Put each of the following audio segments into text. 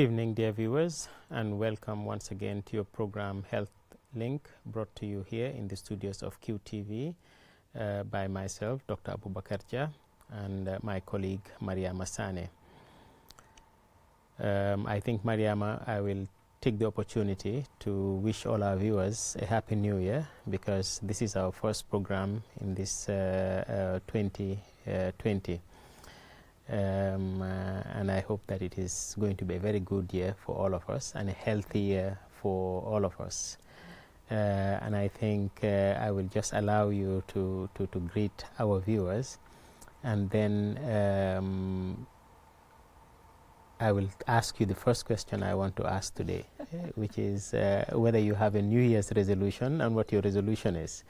evening dear viewers and welcome once again to your program Health Link brought to you here in the studios of QTV uh, by myself Dr. Abu Bakarja and uh, my colleague Mariama Sane. Um, I think Mariama I will take the opportunity to wish all our viewers a happy new year because this is our first program in this uh, 2020. Uh, uh, um, uh, and I hope that it is going to be a very good year for all of us and a healthy year for all of us. Uh, and I think uh, I will just allow you to, to, to greet our viewers and then um, I will ask you the first question I want to ask today, which is uh, whether you have a New Year's resolution and what your resolution is.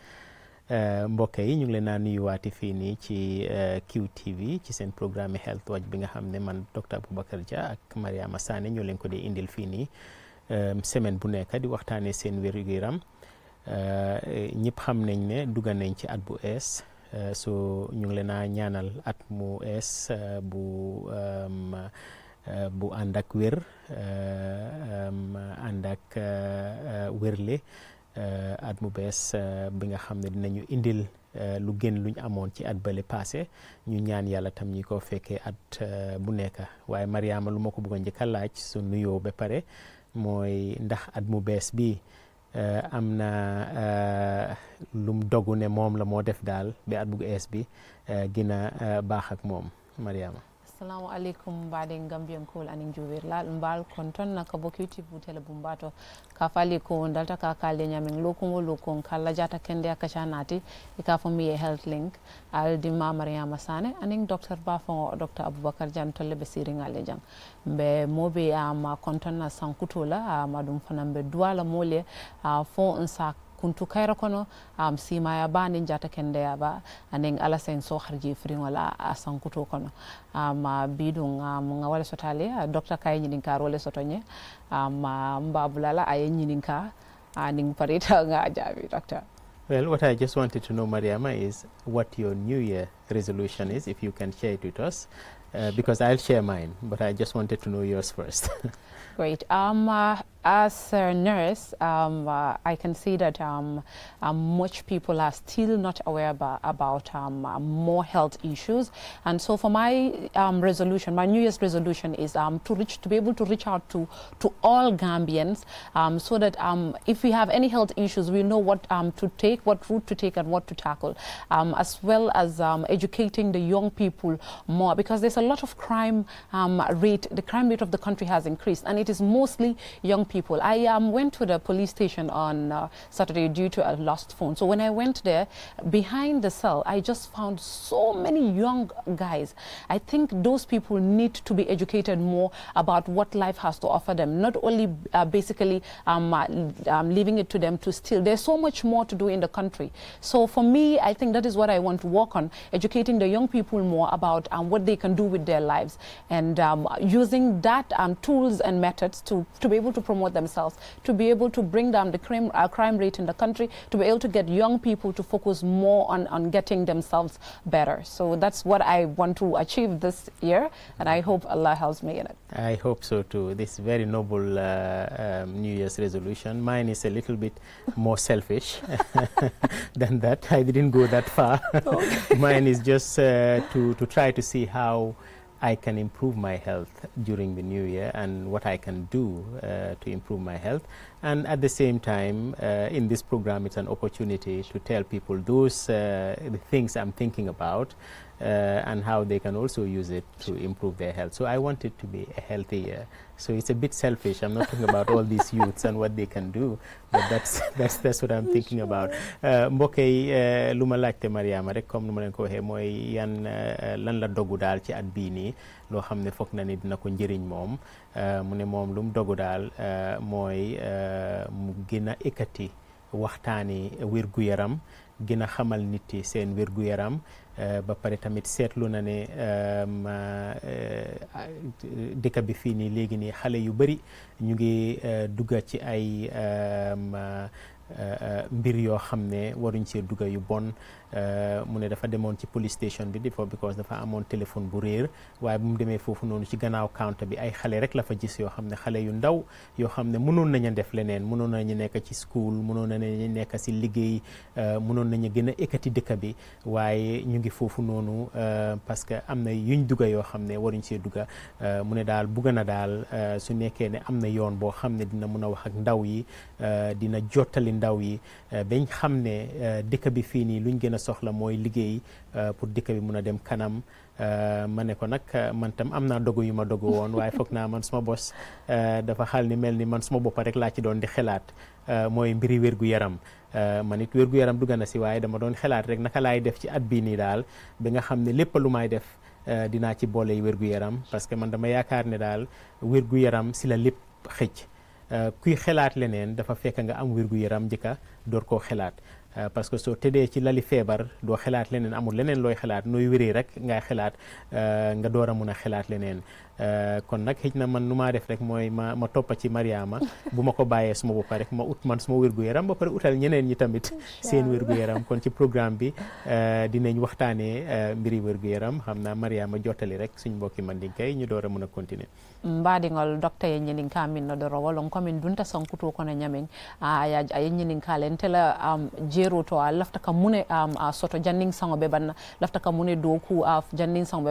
Eh, mbokk yi ñu ngi leen nuyu waati fii nii ci eh, QTV ci seen programme health watch bi nga xam ne man docteur Boubacar Dia ak Mariama Sané ñoo leen ko di indil fii nii eh, semaine bu nekk di waxtaanee seen wérgu yaram ñëpp xam nañ ne dugga nañ ci at bu ees so ñu ngi leen naa ñaanal at mu ees bu bu ànd ak wér ànd ak wérle Euh, at mu bees euh, bi nga xam ne dinañu indil euh, lu gën luñ amoon ci at bële passé ñu ñaan yàlla tam ñi ko fekkee at bu nekk waaye Mariama lu ma ko bëggoon njëkk laaj su nuyoo ba pare mooy ndax at mu bees bi am na lum dogu ne moom la moo def daal ba at bu bees bi gën baaxak moom Mariama assalamu aleykum mbaɗen gambiyan kowol anen jowirlal mbal kon toon kabo kewti butele bumbato ka faali ko dalta ka kalde ñamen lokongo lokon kalla jata kende a kaca nati e ka fomi e health link aldima mariama sane anen docteur bafongo docteur aboubacar diane tolle ɓe siringale jang ɓe moɓe ama kon toon sankutola ama ɗum fana ɓe duwala moole fo on sac kuntu kayra kono am sima ya bani njata kende ya ba anin ala sen so harji friŋol wala a sankuto kono am ah, bidun um, ŋa wale sotale ah, docteur kay ñininkar wale role sotonye am ah, mbabulala ay aye ñininka anin parita nga jaabi docteur Well, what I just wanted to know, Mariama, is what your New Year resolution is, if you can share it with us, uh, because I'll share mine, but I just wanted to know yours first. Great. Um, uh, as a nurse, um, uh, I can see that um, um much people are still not aware about, about um, uh, more health issues. And so for my um, resolution, my New Year's resolution is to reach, to be able to reach out to, to all Gambians so that if we have any health issues, we know what to take, what route to take and what to tackle, as well as educating the young people more because there's a lot of crime rate, the crime rate of the country has increased and it is mostly young people. I um, went to the police station on uh, Saturday due to a lost phone. So when I went there, behind the cell, I just found so many young guys. I think those people need to be educated more about what life has to offer them, not only uh, basically um, uh, um, leaving it to them to steal. There's so much more to do in the country. So for me, I think that is what I want to work on, educating the young people more about um, what they can do with their lives and um, using that tools and methods to, to be able to promote promote themselves, to be able to bring down the crime, uh, crime rate in the country, to be able to get young people to focus more on, on getting themselves better. So that's what I want to achieve this year, and I hope Allah helps me in it. I hope so too. This very noble uh, um, New Year's resolution. Mine is a little bit more selfish than that. I didn't go that far. Okay. Mine is just uh, to, to try to see how I can improve my health during the new year and what I can do uh, to improve my health. And at the same time, uh, in this program, it's an opportunity to tell people those uh, things I'm thinking about uh, and how they can also use it to improve their health. So I want it to be a healthy year. So it's a bit selfish. I'm not talking about all these youths and what they can do, but that's that's that's what I'm thinking about. Uh, Mboke luma uh, lu te Maria Mariama rek comme nu ma ko waxee mooy yan lan la dogu daal ci at na ni dina ko njëriñ moom mu ne moom lu mu dogu daal mooy mu gën a ekkati waxtaani yaram xamal Euh, ba pare tamit seetlu na ne euh, euh, dëkk bi fii nii léegi nii xale yu bëri ñu ngi dugga ci ay mbir yoo xam ne waruñ cee dugga yu bon Euh, mu ne dafa demoon ci police station bi di foofu because dafa amoon téléphone bu réer waaye bu mu demee foofu noonu ci gannaaw counter bi ay xale rek la fa gis yoo xam ne xale yu ndaw yoo xam ne mënoon nañu def leneen mënoon nañu nekk ci school mënoon nañu nekk si liggéey euh, mënoon nañu gën a ekkati dëkk bi waaye ñu ngi foofu noonu euh, parce que am na yuñ dugga yoo xam ne waruñ see dugga mu ne daal bugg na daal su nekkee ne am na yoon boo xam ne dina mun a wax ak ndaw yi dina jottali ndaw yi bañ xam ne dëkk bi fii nii luñ gën a soxla mooy liggéey euh, pour dikk bi mun a dem kanam euh, ma ne ko nag euh, man tam am naa dogu yu ma dogu woon waaye foog naa man suma bos dafa xaal ni mel ni man suma boppa rek laa ci doon di xelaat mooy mbiri wér yaram ma nit wér-gu-yaram dugg na si waaye dama doon xelaat rek naka laay def ci at bii nii daal bi nga xam ne lépp lu may def dinaa ci boole wér-gu-yaram parce que man dama yaakaar ne daal wér yaram si la lépp xëj kuy xelaat leneen dafa fekk nga am wér-gu-yaram njëkka door koo xelaat Euh, parce que soo tëddee ci lali feebar doo xalaat leneen amul leneen looy xalaat nuy wéree rek ngay xelaat euh, nga door a mun a xalaat leneen Euh, kon nag xëj na man nu maa def rek mooy ma ma toppa ci Mariama bu ma ko bàyyee suma boppa rek ma ut man suma wér-gu-yaram ba pare utal ñeneen ñi tamit seen wér-gu-yaram kon ci programme bi euh, dinañ waxtaanee euh, mbiri wér-gu-yaram xam naa Mariama jottali rek suñ mbokki ma di kay ñu door a mën a continuer mbaɗigol docta e ñinin ka min no ɗoro wolon komin dunta sankuto kono ñamin ah, aya ñinin ka len tela jeero to a lafta ka mune a soto jannin sango ɓe banna lafta ka mune dow ku a jannin sango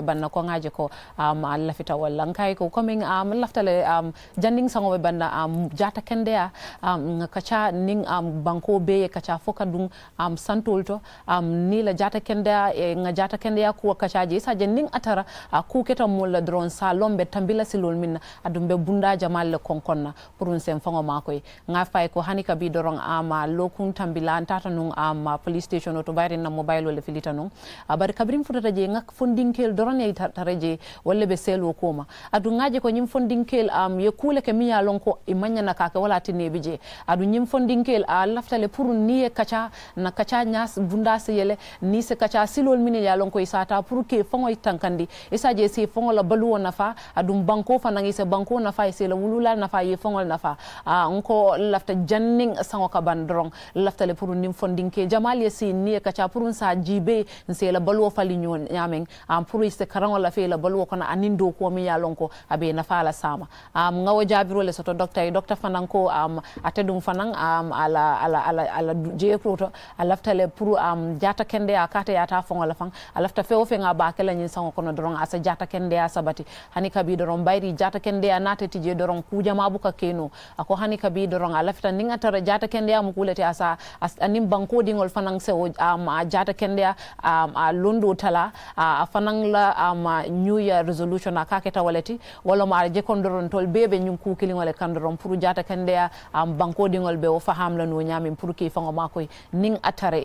ko a lafita walla lankai ko coming am um laftale um janding sango banda am um jata kende ya um kacha ning am um banko be kacha foka dum am um santolto am um nila jata kende ya e, nga jata kende ya ku kacha je sa janding atara a uh, ku keta mulla drone sa lombe tambila silol min adum be bunda jamal le konkonna pour un sem fango makoy nga fay ko hanika bi dorong ama um, uh, lokun tambila tata nun ama um, uh, police station oto bayri na mobile wala filita nun uh, kabrim fudata je nga fondinkel doron ya taraje wala be selo ko koma adu ngaje ko nyim fondinkel am um, ye kule ke miya lon ko imanya na kaka wala tinne bije adu nyim fondinkel a uh, laftale pour niye kacha na kacha nyas bunda se yele ni se kacha silol mine ya lon ko isata pour ke fongo tankandi isaje se fongo la baluwo nafa adu banko fa nangi se banko nafa se la wulula nafa ye fongo nafa a uh, nko lafta janning sango ka bandrong laftale pour nim fondinke jamal ye se niye kacha pour sa jibe se la baluwo fali nyon nyamen am uh, pour ise karango la fe la baluwo kono anin do ko mi ya lonko abe na fala sama um, ngawo jabiro le soto docteur docteur fananko am um, atedum am um, ala ala ala ala je proto alafta le pour um, jata kende a kata ta fongo la fang alafta fe ofe nga ba kala nyin sango kono dorong asa jata kende a sabati hani kabi dorong bayri jata kende a nate je dorong kuja mabuka keno ako hani kabi dorong alafta ninga tara jata kende a mukulete asa as, anim banko dingol fanang se o um, jata kende a um, a londo tala a, fanang la am um, new year resolution a kaketa tol kandoron jata ki fango makoy atare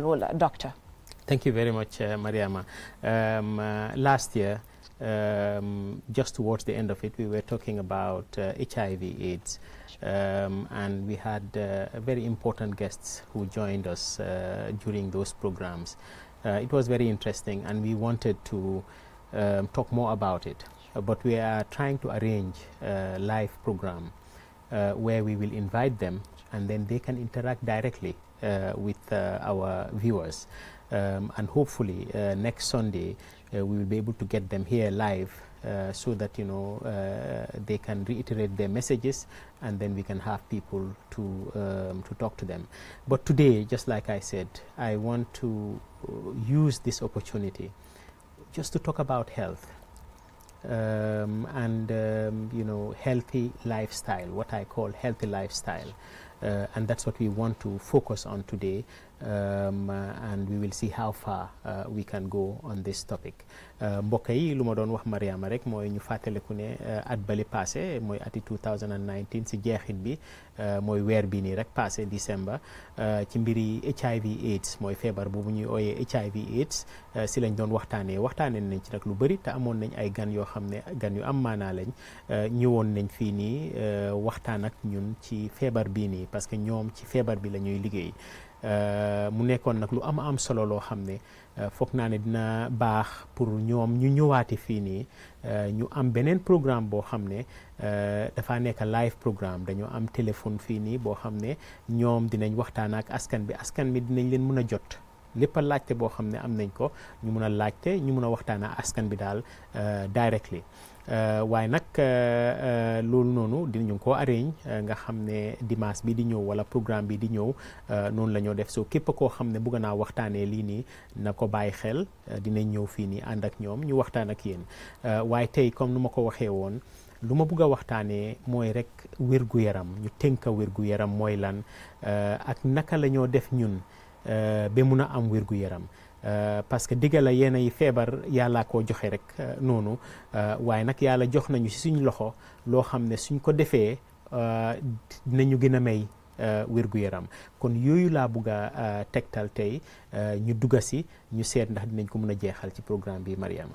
uh, Thank you very much, uh, Mariama. Um, uh, last year, um, just towards the end of it, we were talking about uh, HIV/AIDS, um, and we had uh, very important guests who joined us uh, during those programs. it was very interesting, and we wanted to um, talk more about it. Uh, but we are trying to arrange a live program uh, where we will invite them and then they can interact directly uh, with uh, our viewers. Um, and hopefully uh, next Sunday uh, we will be able to get them here live so that you know they can reiterate their messages and then we can have people to um, to talk to them. But today, just like I said, I want to use this opportunity just to talk about health um, and um, you know healthy lifestyle what I call healthy lifestyle uh, and that's what we want to focus on today Um, uh, and we will see uh, go on this uh, mbokk yi lu ma doon wax Mariama rek mooy ñu fàttaliku ne at bali passé mooy ati 2019 si jeexit bi mooy weer bi nii rek passé décembre ci mbiri HIV AIDS mooy feebar boobu ñuy ooyee HIV AIDS si lañ doon waxtaanee waxtaanee nañ ci rek lu bëri te amoon nañ ay gan yoo xam ne gan yu am maanaa lañ ñëwoon nañ fii nii waxtaan ak ñun ci feebar bii nii parce que ñoom ci feebar bi la ñuy liggéey. Euh, mu nekkoon nag lu am am solo loo xam ne euh, foog naa ne dina baax pour ñoom ñu ñëwaati fii nii euh, ñu am beneen programme boo xam ne dafa nekk live programme dañoo am téléphone fii nii boo xam ne ñoom dinañ waxtaan ak askan bi askan bi dinañ leen mën a jot lépp a laajte boo xam ne am nañ ko ñu mun a laajte ñu mun a waxtaan ak askan bi daal directly Euh, waaye nag euh, euh, loolu noonu dinañu koo arrange nga xam ne dimaas bi di ñëw wala programme bi di ñëw noonu la ñoo def soo képp koo xam ne bëgg naa waxtaanee lii nii na ko bàyyi xel dinañ ñëw fii nii ànd ak ñoom ñu waxtaan ak yéen waaye tey comme nu ma ko waxee woon lu ma bëgg a waxtaanee mooy rek wér yaram ñu tënka wér yaram mooy lan ak naka lañoo def ñun be mun a am wér yaram Euh, parce que digal la yéen ay feebar yàllaa koo joxe rek euh, noonu euh, waaye nag yàlla jox nañu ci suñu loxo loo xam ne suñ ko defee dinañu gën a may wér-gu-yaram kon yooyu laa bugg a tegtal tey ñu dugga si ñu seet ndax dinañ ko mën a jeexal ci programme bi Mariama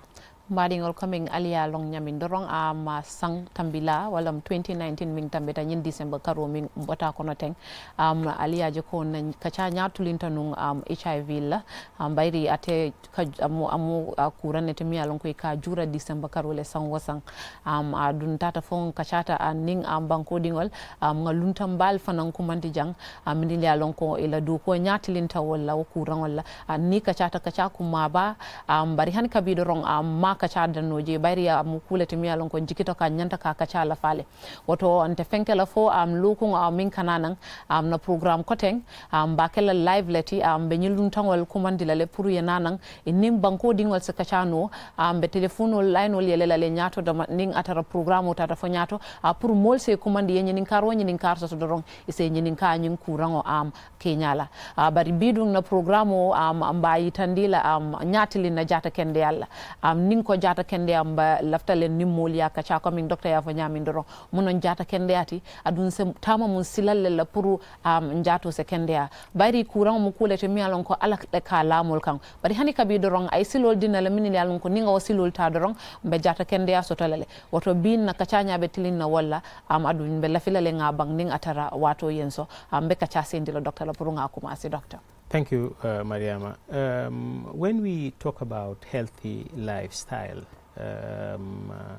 maɗigol komin aliya long ñamin doron am sang tambila walam 2019 min tambita ñin décembre karo min bota kono teng am aliyaji ko na kaca ñatulinta nun am hiv la am bayri ate amu amu kurane te miya lon koy ka jura décembre karo le sang wo sang am tata fon kacata an ning am banko dingol am ngaluntam bal fanan kumanti jang am min liya lon ko ila du ko ñatilinta walla wo kurangol la ni kacata kaca kuma ba am bari han kabido rong am kaca dannoje bayri mu kulete mi alon ko jikito ka nyanta ka kaca la fale woto ante fenke la fo am lukungo am min kananan am na programme koteng am bakela live leti am be nyilun tangol ko mandila le pour ye nanan nim banko dingol se kaca no am be telefono line wol yele la le nyato do ning atara program programme tata fo nyato a pour mol se ko mandi ye nin karo nyin kar so do dorong ise nyin ka nyin kurango am kenyala a bari bidung na programme am am bayi tandila am nyatili na jata kende yalla am nin ko jaata kende am laftale nimmol ya kacha ko min docteur ya fo nyamindoro non jata kende ati adun se tama mun silalle la pour um, jaato se kende ya bari courant mu kulete mi alon ko ala ka lamol kan bari hani kabi doron ay silol dina la min alon ko ninga wasilol ta doron be jata kende ya talale woto bin na kacha nyabe tilin na wala am adun be filale nga bang ning atara wato yenso am um, be kacha sendilo docteur la pour nga kuma si docteur Thank you, uh, Mariama. Um, when we talk about healthy lifestyle, um, uh,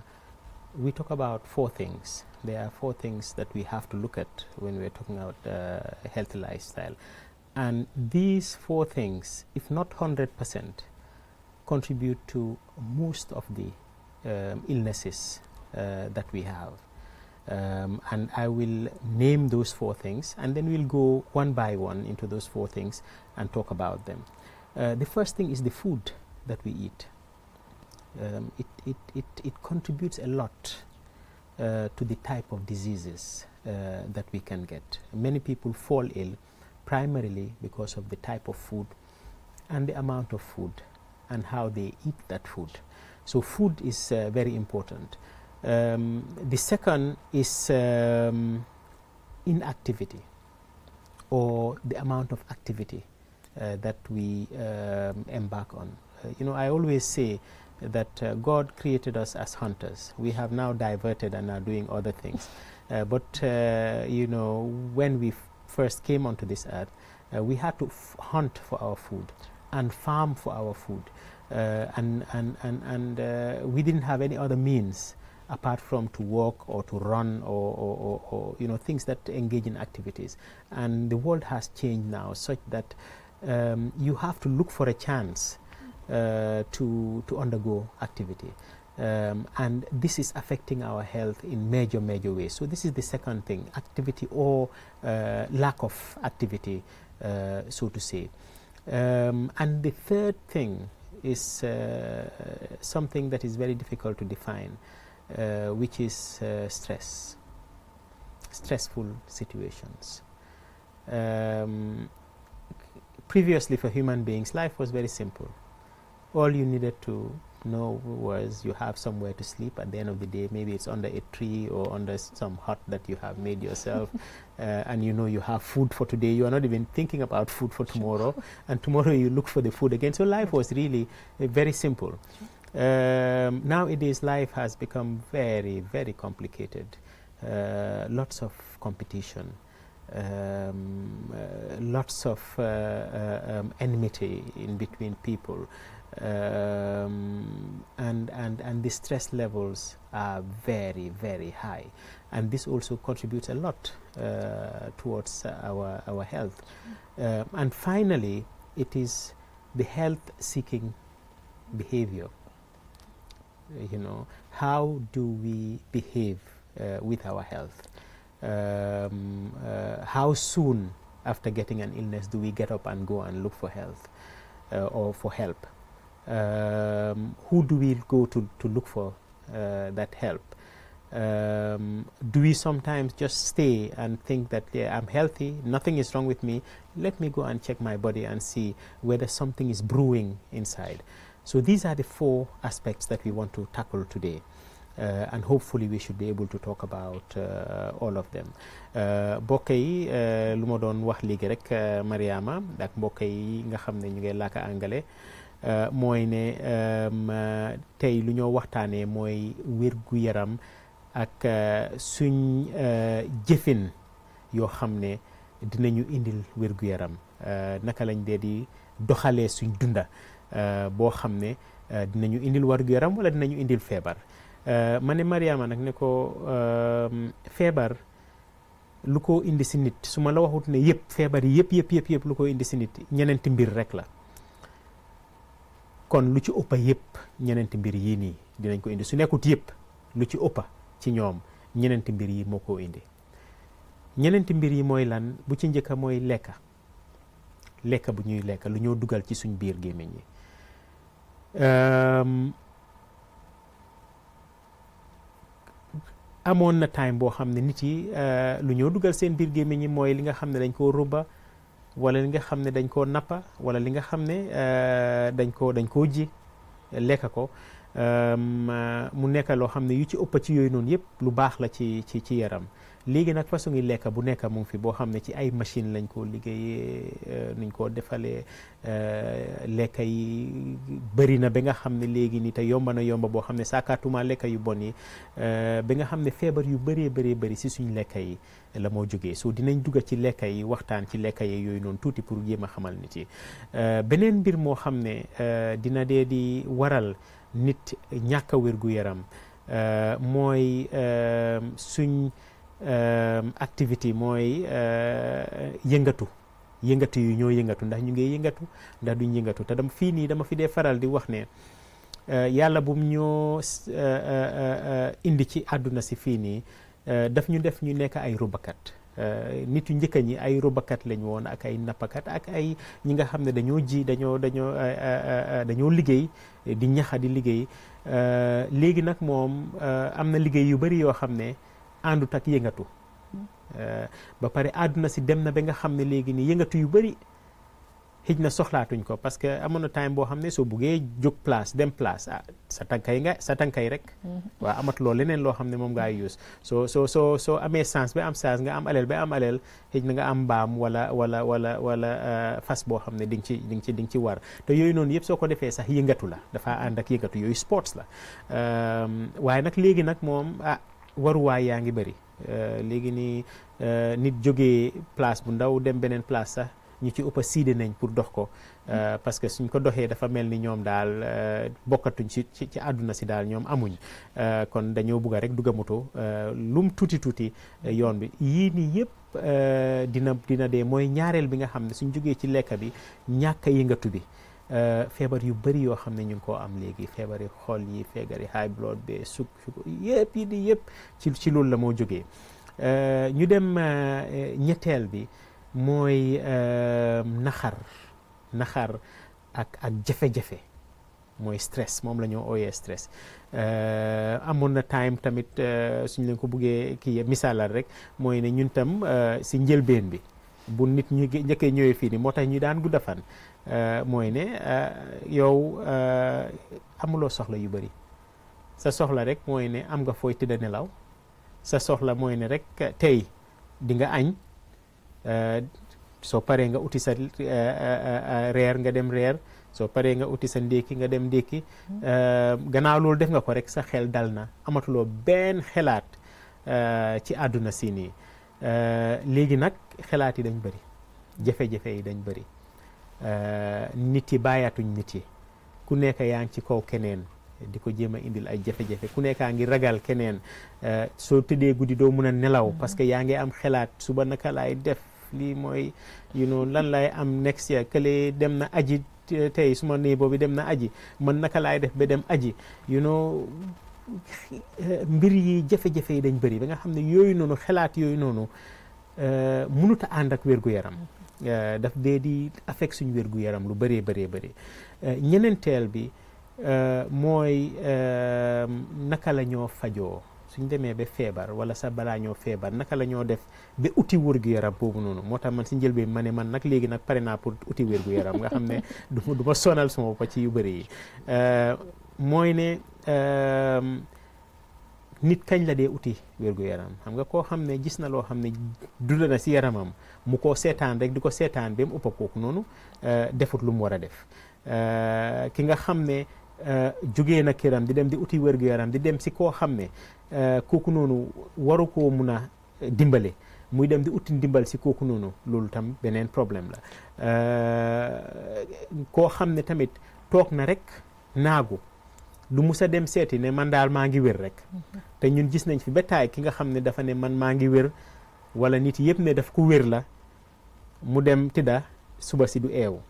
we talk about four things. There are four things that we have to look at when we're talking about uh, healthy lifestyle. And these four things, if not 100%, contribute to most of the um, illnesses uh, that we have. Um, and I will name those four things and then we'll go one by one into those four things and talk about them. Uh, the first thing is the food that we eat. Um, it, it, it, it, contributes a lot uh, to the type of diseases uh, that we can get. Many people fall ill primarily because of the type of food and the amount of food and how they eat that food. So food is uh, very important. Um, the second is um, inactivity or the amount of activity uh, that we um, embark on. Uh, you know, I always say that uh, God created us as hunters. We have now diverted and are doing other things. Uh, but, uh, you know, when we first came onto this earth, uh, we had to hunt for our food and farm for our food. and and, and, and we didn't have any other means apart from to walk or to run or, or, or, or you know things that engage in activities. And the world has changed now such that um, you have to look for a chance uh, to to undergo activity. Um, and this is affecting our health in major, major ways. So this is the second thing: activity or uh, lack of activity, uh, so to say. Um, and the third thing is uh, something that is very difficult to define, uh, which is uh, stress, stressful situations. Um, previously for human beings life was very simple. All you needed to know was you have somewhere to sleep at the end of the day. Maybe it's under a tree or under some hut that you have made yourself, uh, and you know you have food for today. You are not even thinking about food for tomorrow, and tomorrow you look for the food again. So life was really uh, very simple. Um, nowadays, life has become very, very complicated. Uh, lots of competition, um, uh, lots of uh, uh um, enmity in between people, um, and, and, and the stress levels are very, very high. And this also contributes a lot uh, towards our, our health. Um, and finally, it is the health seeking behavior you know, how do we behave uh, with our health? Um, uh, how soon after getting an illness do we get up and go and look for health uh, or for help? Um, who do we go to, to look for uh, that help? Um, do we sometimes just stay and think that yeah, I'm healthy, nothing is wrong with me, let me go and check my body and see whether something is brewing inside? So these are the four aspects that we want to tackle today. Uh, and hopefully we should be able to talk about uh, all of them uh, mbokk yi uh, lu ma doon wax léegi rek Mariama ak mbokk yi nga xam ne ñu ngi làkk angale mooy ne um, tey lu ñoo waxtaanee mooy wér yaram ak suñ jëfin yoo xam ne dinañu indil wér-gu-yaram naka lañ dee di doxalee suñ dunda Eh, bo xamne eh, dinañu indil wargu yaram wala dinañu indil febar. Eh, ma ne Mariama nak ne ko febar lu ko indi ci nit suma la waxut ne yep febar yep yep yep yep lu ko indi ci nit ti mbir rek la kon lu ci yep ñenen timbir mbir yi ni dinañ ko indi su nekkut yep lu ci uppa ci ñenen ti mbir yi moko indi indi ti mbir yi moy lan bu ci njëkka moy lekka lekka bu ñuy lekka lu ñoo dugal ci suñ biir yi Ehm, amoon na time boo xam ne nit yi eh, lu ñoo dugal seen biir gémmiñ yi mooy li nga xam ne dañ koo rubba wala li nga xam ne dañ koo nappa wala li nga xam ne eh, dañ koo dañ koo ji lekk ko ehm, mu nekk loo xam ne yu ci ëpp ci yooyu noonu yëpp lu baax la ci ci ci yaram léegi nag façon ngi lekk bu nekk mu fi boo xam ne ci ay machine lañ koo liggéeyee euh, nuñ koo defalee euh, lekk yi bëri na ba nga xam ne léegi nii te yomba na yomba boo xam ne saakaatuma lekk yu bon yi euh, ba nga xam ne feebar yu bëree bëree bari si suñ lekk yi la moo jógee so dinañ dugg ci lekk yi waxtaan ci lekk yi yooyu noonu tuuti pour jéem a xamal nit yi beneen mbir moo xam ne dina dee di waral nit ñàkk wér gu yaram mooy suñ. Euh, activité mooy euh, yëngatu yëngatu yu ñoo yëngatu ndax ñu ngi yëngatu ndax duñ yëngatu te dama fii nii dama fi dee faral di wax ne euh, yàlla bum ñoo indi ci àdduna si fii nii daf ñu def ñu nekk ay rubakat nit ñu njëkka ñi ay rubakat lañ woon ak ay nappakat ak ay ñi nga xam ne dañoo ji dañoo dañoo dañoo liggéey di ñaxa di liggéey léegi nag moom am na liggéey yu bari yoo xam ne àndut ak yëngatu eh, si dem na ba nga xam ne léegi nii yëngatu yu bëri xëj na soxlaatuñ ko parce que amoon na time boo xam ne soo buggee jóg place dem ah, sa tànkay nga sa tànkay rek mm-hmm. waaw amatuloo leneen loo xam ne moom ngaa use soo soo soo soo amee chance ba am chance nga am aleel ba am aleel xëj na nga am mbaam wala wala wala wala eh, fas boo xam ne di nga ci di nga ci di nga ci war te yooyu noonu yëpp soo ko defee sax yëngatu la dafa ànd ak yëngatu yooyu sports la eh, waruwaay yaa ngi bëri euh, léegi nii euh, nit jóge place bu ndaw dem beneen place sax ñu ci ëpp a siide nañ pour dox ko euh, mm. parce que suñ ko doxee dafa mel ni ñoom daal bokkatuñ ci ci àdduna si daal ñoom amuñ kon dañoo bugg rek dugg a moto lum tuuti tuuti yoon bi yii nii yëpp dina dina dee mooy ñaareel bi nga xam ne suñ jógee ci lekka bi ñàkk yëngatu bi Euh, feebar yu bari yoo xam ne ñu ngi koo am léegi feebar yi xol yi feebar yi high blood bi suk suk yëpp yi di yëpp ci ci loolu la moo jógee euh, ñu dem euh, ñetteel bi mooy naxar naxar ak ak jafe-jafe mooy stress moom la ñoo ooyee stress amoon na time tamit suñ leen ko buggee kii misaalal rek mooy ne ñun tam si njëlbeen bi bu nit ñu njëkkee ñëwee fii ni moo tax ñu daan gudda fan Eh, mooy ne eh, yow eh, amuloo soxla yu bëri sa soxla rek mooy ne am nga fooy tëdd nelaw sa soxla mooy ne rek tey di nga añ soo paree nga uti sa reer nga dem reer so paree nga uti sa ndéki nga dem ndékki gannaaw loolu def nga ko rek sa xel dal na amatuloo benn xelaat ci àdduna si nii léegi nag xelaat yi dañ bëri jafe-jafe yi dañ bëri Eh, nit yi bàyyaatuñ nit yi ku nekk yaa ngi ci kaw keneen di ko jéem a indil ay jafe-jafe ku nekkaa ngi ragal keneen eh, soo tëddee guddi doo mun a nelaw mm-hmm. parce que yaa ngi am xelaat suba naka lay def lii mooy you know lan lay am next year kële dem na aji tey suma nii boobu dem na aji man naka laay def ba dem aji you know mbir yi jafe-jafe yi dañ bëri ba nga xam ne yooyu noonu xelaat yooyu noonu eh, mënut a ànd ak wér yaram Eh, daf dee di affect suñu wérgu yaram lu bëree bëree bëri eh, ñenenteel bi eh, mooy naka la ñoo fajoo suñ demee ba feebar wala sa balaa ñoo feebar naka la ñoo def ba uti wérgu yaram boobu noonu moo tax man si njëlbeen ma ne man nag léegi nag pare naa pour uti wérgu yaram nga xam ne du ma sonal suma bopp ci yu bëri yi mooy ne nit kañ la dee uti wér yaram xam nga koo xam ne gis na loo xam ne dund na si yaramam mu ko seetaan rek di ko seetaan ba mu ëpp kooku noonu euh, defut lu mu war a def euh, ki nga xam ne euh, jugee na këram di dem di uti wér yaram di dem si koo xam ne kooku noonu waru koo mun a dimbale muy dem di uti ndimbal si kooku noonu loolu tam beneen problème la koo xam ne tamit toog na rek naagu du mus dem seeti ne man daal maa ngi wér rek mhm. te ñun gis nañ fi ba taay ki nga xam ne dafa ne man maa ngi wér wala nit yépp ne daf ko wér la mu dem tëdda suba si du eew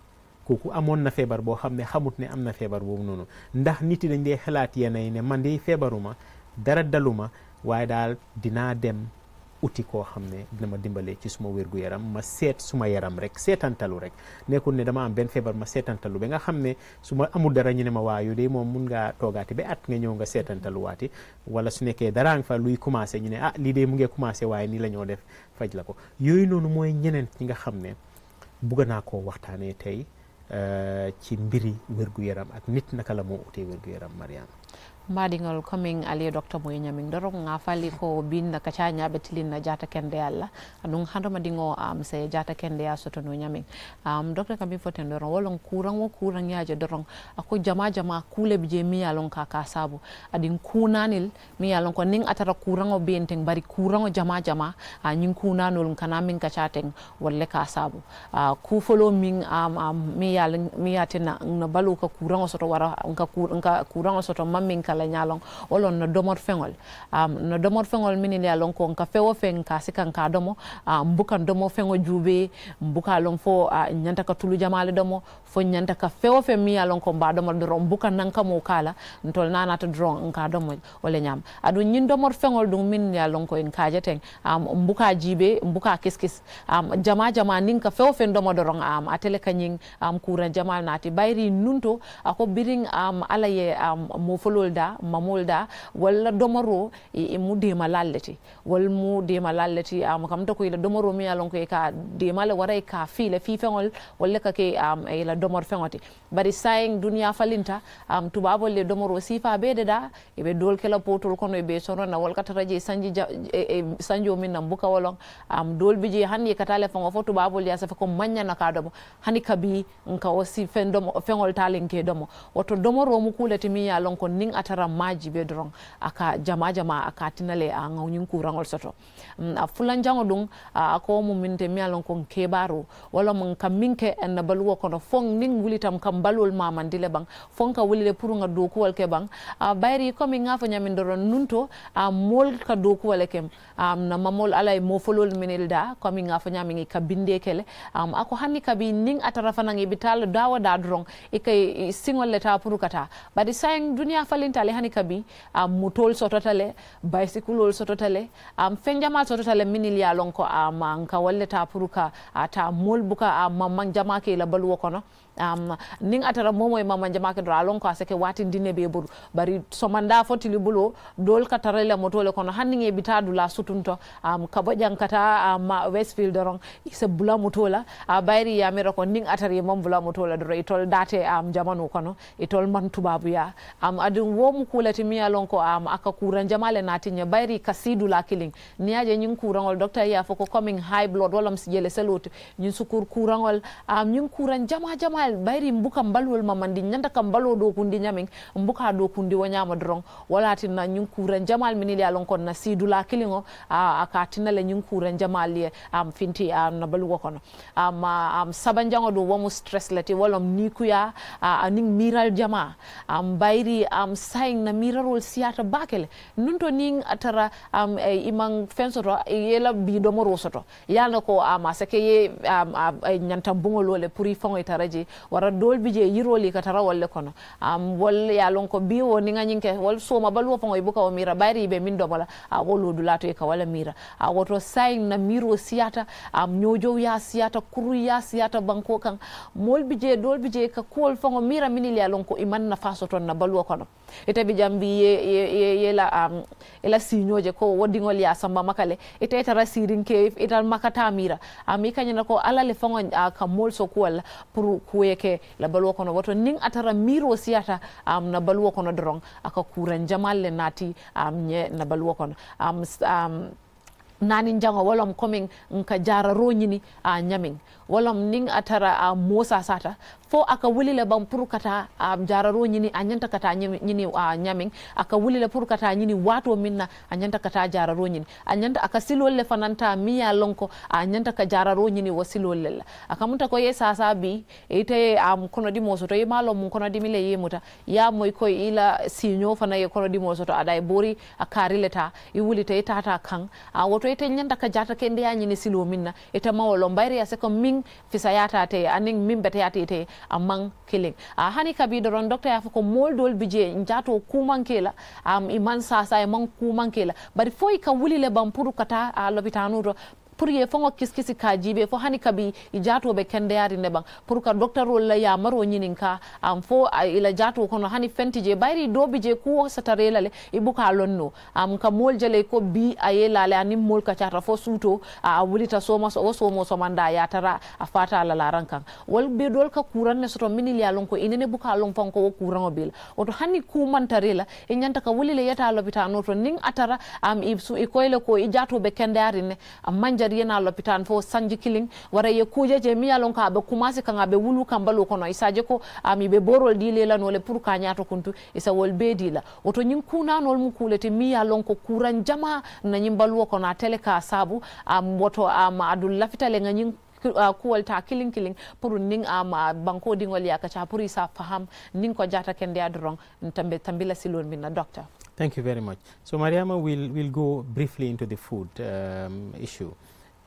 kooku amoon na feebar boo xam ne xamut ne am na feebar boobu noonu ndax nit yi dañ dee xalaat yenn yi ne man de feebaruma dara daluma waaye daal dinaa dem uti koo xam ne dina ma dimbalee ci suma wérgu yaram ma seet suma yaram rek seetantalu rek nekkul ne dama am benn feebar ma seetantalu ba nga xam ne su ma amul dara ñu ne ma waayu de moom mun ngaa toogaati ba at nga ñëw nga seetantalu waati wala su nekkee daraa nga fa luy commencé ñu ne ah lii de mu ngi commencé waaye nii la def faj la ko yooyu noonu mooy ñeneen ñi nga xam ne bugg naa ko waxtaanee tey euh, ci mbiri wérgu yaram ak nit naka la moo utee wérgu yaram Mariama maɗigol komin aliyo docteur mo yeñamin ɗo rok ga fali ko binda kaca ñaɓe tilinna jata kende allah ɗum hadoma ɗigo am ah, se jata kende ya sotono ñamin um, ah, docteur kamin foten ɗoron wolon kuran wo kuran yaje ɗoron ko jama jama kuleɓe je lon ka ka sabu aɗin kunanil lon ko nin atara kuran o ɓiyen bari kuran o jama jama a ah, ñin kunanol kana min kaca ten walle ka sabu uh, kufolo min um, um, miyal miyatina na balu ka kuran o soto wara nka kuran o soto mamin kala ala nyalong olon na domor fengol um, na domor fengol mini le alon ko ka fewo feng ka sikan ka domo um, uh, mbukan domo fengo jube mbuka alon fo uh, nyanta ka tulu jamale domo fo nyanta ka fewo fe mi alon ko ba domo do mbukan nan ka mo kala ntol nana to dron ka domo ole nyam adu nyin domor fengol dum min le alon ko en kaje teng um, mbuka jibe mbuka kiskis um, jama jama nin ka fewo fen domo do doro um, atele ka kanyin um, kura jamal nati bayri nunto ako biring um, alaye ye um, mo folol da da da walla domoro e mu dema lalleti wal mu dema lalleti um, kam to ko ila domoro mi alon ko e ka dema le waray e ka fi le fi fengol walla ka ke um, e ila domor fengoti bari sayeng dunya falinta um, tubabo le domoro sifa be da e be dol kala potol kono e be sono na wal katara je sanji ja, e, sanjo min nan buka walon um, dol bije hanni katale fengo fo tubabo le asafa ko manya na ka domo hani kabi nka o si fen domo fengol talenke domo woto domoro mu kulati mi alon ko ning atara tara maji be dorong aka jama jama aka tinale a ngawñin kurangol soto mm, a fulan jango ɗum a ko muminte mi mialon kon kebaro wala mon kam minke enna ko no fon nin wulitam kam balol mamandile bang fon ka wulile pur nga do dokuwol ke bang a bayri ko komi ngafo ñamin doron nunto a mol ka do dokuwole kem am na mamol alay mo folol minel da ko komi ngafo ñamin ka binde kele am ako hanni ka bi nin atarafanangi bital dawa da dorong e kay singol leta pur kata badi sayen duniya falinta ale hani kabi am mutol soto tale bicycle ol soto tale am fenja mal soto tale minil ya lonko am anka walle ta puruka ata mol buka am mamang jama ke la balu wokono um, ning atara momo e mama jamake do alon ko asake wati dine be buru bari somanda foti libulo dol katara le motole kono hanni e bitadu la sutunto um, kabo jankata um, westfield ron ise bula motola uh, bayri ya mero ko ning atari mom bula motola do itol date am um, jamanu kono itol man tubabu ya am um, adun wom kulati mi alon ko am um, aka kuran jamale natinya bayri kasidu la kiling niaje nyin kurangol doctor ya foko coming high blood walam jele salute nyin sukur kurangol am um, nyin kuran jama jama kal bayri mbuka mbalwol ma mandi ñanta kam mbalo do kundi nyaming mbuka do kundi wo ñama doron wala tinna ñin kuren jamal minili alon kon na la kilingo a ka tinale ñin kuren jamal ye am finti am na balugo kono am am sabanjango do womu stress lati wolom ni kuya anin miral jama am bayri am sayin na mirarol siata bakel nun e, to nin atara am imang fensoto yela bidomoro soto yalna ko ama sake ye ñantan e, bugol wole pour i faŋo itara je wara dol bije yiroli ka tara wolle kono am wol ya lon ko bi woni nganyinke wol soma balu fo ngoy buka o mira bari be min dobola a wolo dulato e ka wala mira a woto sain na miro siyata am nyojo ya siyata kuru ya siyata banko kan mol bije dol bije ka kol fo ngo mira minili ya lon ko iman na faso ton na balu kono ite bi jambi ye ye ye yela um, ela sinyoje ko wodingol ya samba makale ite tara sirin ke ital makata mira ami kanyana ko ala le fongo uh, ka mol so kuwala pour kuwe koyeke la baluwo kono woto ning atara miro siyata um, na baluwo kono doron aka kuran jamal le naati um, nye na baluwo kono um, um, nani njango wolom coming nka jara roñini a uh, ñamin walam ning atara a ah, mosa sata fo aka wulila ban pour kata a ah, jararo ñini a ñanta kata ñini a ah, ñaming aka wulila pour kata ñini wato minna a ñanta kata jararo ñini a ñanta aka silol le fananta miya lonko a ñanta ka jararo ñini wo silol le la aka muta ko ye sasa bi ite am um, kono di moso to ye malo mun kono di mile ye muta ya moy ko ila sinyo fana ye kono di moso ada e bori a kari le ta i wulita ita ta kan a woto ite ñanta ka jata kende ya ñini silo minna ita mawolo mbayri ya se ko min aning fisayata te aning mimbete yate te amang killing a ah, hani kabido ron doctor ya ko moldol bije njato kumankela am iman sasa e man kumankela bari foy ka wuli le wulile bampuru kata a ah, lopitanu pour ye fo kisi ka jibe fo hani kabi i be kende yari neban pour ka docteur ol ya maro nyinin ka am fo ila jato no hani fenti je bayri dobi je ko sata relale i buka lonno am ka mol jale ko bi aye lale ani mol ka cata fo suto a wulita so so maso o mo so manda ya tara a fata la laran kan wal be dol ka kuran ne soto minil ya lon ko inene buka lon fon ko kuran o bil o to hani ku kumantarela e nyanta ka wulile yata lobita no to nin atara am ibsu su i koyle ko i be kende yari ne am manja jariyana lopitan fo sanji kiling wara ye kuje je mi alon ka be kumasi kan abe wulu ko no isaje ko ami be borol di lela no le pour ka nyato kuntu isa wol be di la oto nyin kuna no mu kulete mi alon ko kuran jama na nyin ko na tele ka sabu am woto am adul lafita le nyin Uh, ta kilin kilin pour ning am um, uh, banko dingol yakacha pour isa faham ning ko jata kende adrong tambe tambila silon minna doctor Thank you very much. So, Mariama, we'll, we'll go briefly into the food um, issue.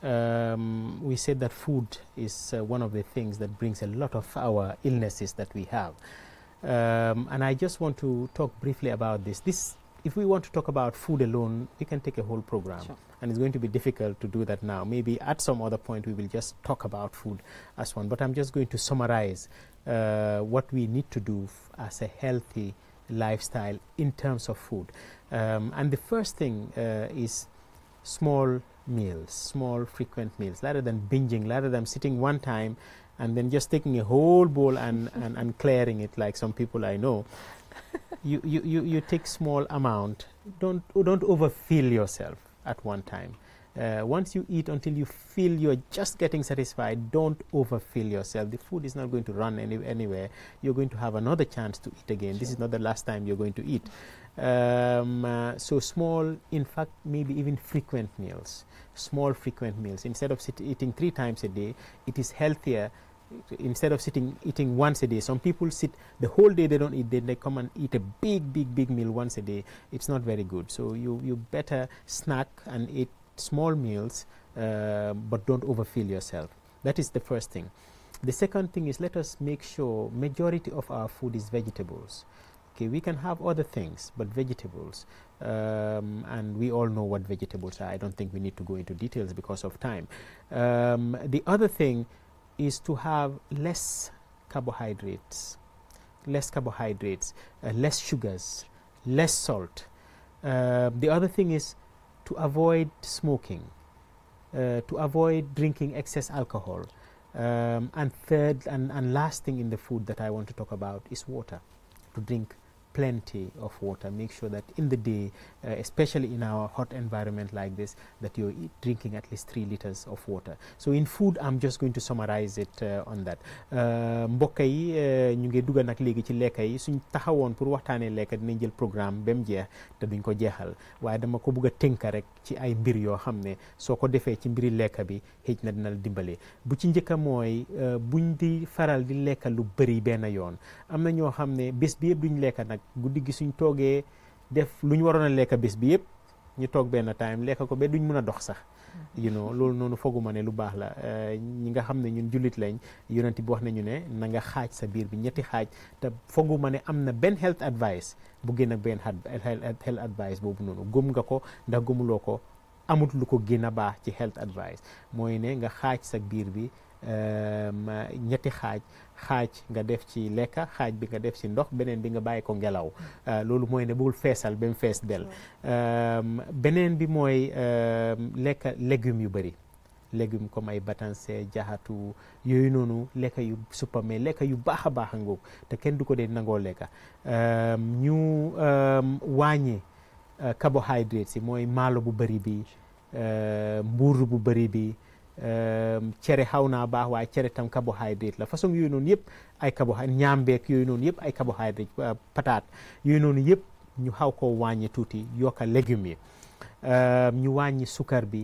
um, we said that food is uh, one of the things that brings a lot of our illnesses that we have. Um, and I just want to talk briefly about this. This, if we want to talk about food alone, we can take a whole program. Sure. And it's going to be difficult to do that now. Maybe at some other point we will just talk about food as one. But I'm just going to summarize uh, what we need to do as a healthy lifestyle in terms of food. Um, and the first thing uh, is small meals, small frequent meals, rather than binging, rather than sitting one time and then just taking a whole bowl and, and, and clearing it like some people I know. you, you, you, you take small amount. Don't, don't overfill yourself at one time. Uh, once you eat until you feel you're just getting satisfied, don't overfill yourself. The food is not going to run any, anywhere. You're going to have another chance to eat again. Sure. This is not the last time you're going to eat. Um, uh, so small, in fact, maybe even frequent meals, small frequent meals. Instead of eating three times a day, it is healthier instead of sitting eating once a day some people sit the whole day they don't eat then they come and eat a big big big meal once a day it's not very good so you you better snack and eat small meals, uh, but don't overfill yourself. That is the first thing. The second thing is let us make sure majority of our food is vegetables. Okay, we can have other things, but vegetables, um, and we all know what vegetables are. I don't think we need to go into details because of time. Um, the other thing is to have less carbohydrates, less carbohydrates, uh, less sugars, less salt. Uh, the other thing is to avoid smoking, uh, to avoid drinking excess alcohol. Um, and third and, and last thing in the food that I want to talk about is water, to drink plenty of water make sure that in the day uh, especially in our hot environment like this that you're drinking at least three liters of water so in food I'm just going to summarize it uh, on that uh, mbokk yi uh, ñu ngi dugal nag léegi ci lekka yi suñ taxawoon pour waxtaanee lekka dinañ programme ba mu jeex te duñ ko jeexal waaye dama ko bëgg a tënka rek ay mbir yoo xam ko defee ci mbiri lekka bi xëj na dina la dimbale bundi ci njëkka mooy uh, buñ di faral di lekka lu bëri benn yoon am na ñoo xam ne bés bi yëpp guddi gi suñ toogee def lu ñu waroon a lekk bés bi yëpp ñu toog benn time lekk ko ba duñ mën a dox sax mm-hmm. you know loolu noonu fooguma ne lu baax la eh, ñi nga xam ne ñun jullit lañ yonent bi wax nañu ne nanga xaaj sa biir bi ñetti xaaj te fooguma ne am na benn health advice bu gën a benn health advice boobu noonu gëm nga ko ndax gëmuloo ko amut ko gën a baax ci health advice mooy ne nga xaaj sa biir bi eh, ñetti xaaj xaaj nga def ci lekka xaaj bi nga def ci ndox beneen bi nga bàyyi ko ngelaw euh, loolu mooy ne bul feesal ba mu fees del euh, beneen bi mooy euh, lekka légumes yu bari légume comme ay batanse jaxatu yooyu noonu lekka yu suppame lekka yu baax a baax a te kenn du ko dee nangoo lekka ñu wàññi carbohydrates yi mooy maalo bu bari bi mbuur bu bari bi Ehm, cere xaw naa baax waaye cere tam carbohydrate la façon yooyu noonu yëpp ay carbohydrate ñaambeek yooyu noonu yëpp ay carbohydrate euh, pataat yooyu noonu yëpp ñu xaw ko wàññi tuuti yokka légumes yi ehm, ñu wàññi sukar bi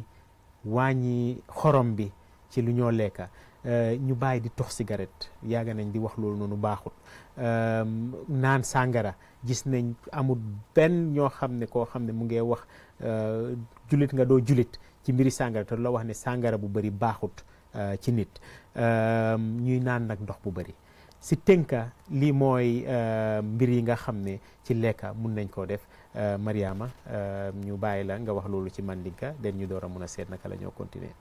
wàññi xorom bi ci lu ñoo lekka ehm, ñu bàyyi di tox cigarette yàgg nañ di wax loolu noonu baaxul Ehm, naan sàngara gis nañ amul benn ñoo xam ne koo xam ne mu ngi wax eh, julit nga doo julit ci mbiri sàngara te la wax ne sàngara bu bari baaxut eh, ci nit ehm, ñuy naan nag ndox bu bëri si tënka lii mooy eh, mbir yi nga xam ne ci lekka mun nañ koo def Mariama ñu bàyyi la nga wax loolu ci mandinka den ñu door a mun a seet naka la ñoo continuer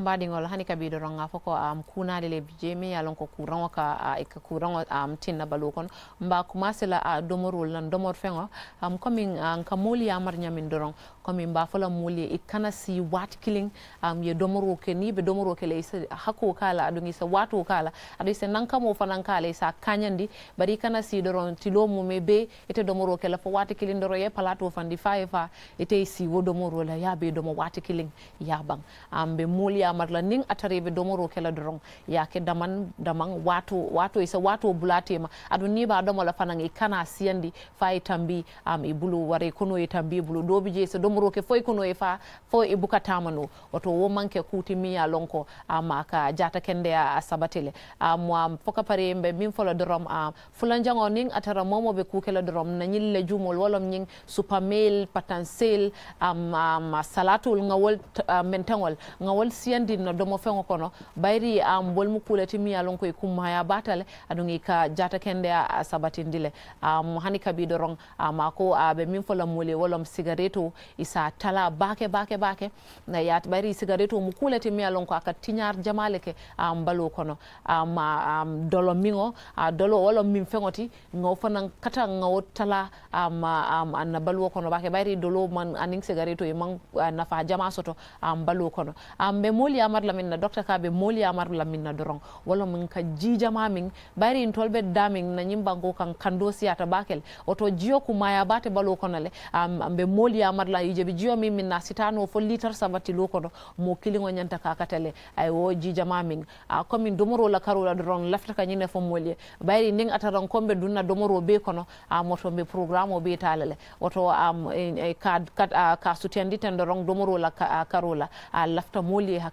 mbaɗigol hani kabiɗo ronga foko am ah, um, kunade lebbi jeemi alon ko courant o ka uh, ah, ka courant o ah, um, tinna balu kono mba commencé a uh, domorul nan domor fengo am um, coming komin um, ka mooli yamar ñamin doron komin mba fola mooli e kana si wat killing am um, ye domoro ke ni be domoro ke le isa hako kala aɗum sa watu kala aɗa isa nankamo fanan kala isa kanyandi bari kana si doron tilo mume be ite domoro ke la fo wat killing doro ye palato fandi fa e fa ite si wo domoro la ya be domo wat killing ya bang am um, ɓe mooli yamar la nin atarebe domoro kela dorong yake daman daman wato wato isa wato bulatema adu ni ba domo la fanan e kana siyandi fa e tambi am e bulu ware kono e tambi e bulu dobi je so domoro ke foy kono e fa fo e buka tamano wato wo manke kuti miya lonko ama ka jata kende a sabatele am am foka pare mbe min folo dorom am fulan jango nin atara momo be la dorom na nyille jumol wolom nyin supamel patansel am, am salatul ngawol uh, mentangol ngawol siyan yandi yandinno domo fengo kono bayri a um, bolmu kuleti mi ye lon koye kummaya batale aduŋ i ka jata kende a sabatin dile am um, hani kabi doroŋ um, a ko a uh, min fola mole wolom sigareto isa tala bake bake bake na ya bayri sigareto mu kuleti mi ye ko a ka tiñar jamale ke am um, balu kono am um, am uh, dolo mingo a uh, dolo wolom min fengoti ngo fanan kata ngo tala am am an balu kono bake bayri dolo man aniŋ sigareto e man uh, nafa jama soto am balu kono am be moolu yamar la min na docteur ka ɓe moolu la min na doron walla min ka jijama min ɓayri in tolɓe damin na ñimbanko kan kando siyata bakel oto jiyo maya bate balo kono le um, ɓe moolu yamar la yije ɓe jiyo min min na sitano fo litar sabati lo kono mo kiliŋo ñanta kakatele ay wo jijama min uh, commin domoro la karola doron lafta ka ñine fo moolu ye ɓayri ndin ataran komɓe dunna domoro be kono uh, moto ɓe programme o ɓe talale oto am e, e, ka, ka, uh, ten doron domoro la karola uh, lafta moolu ha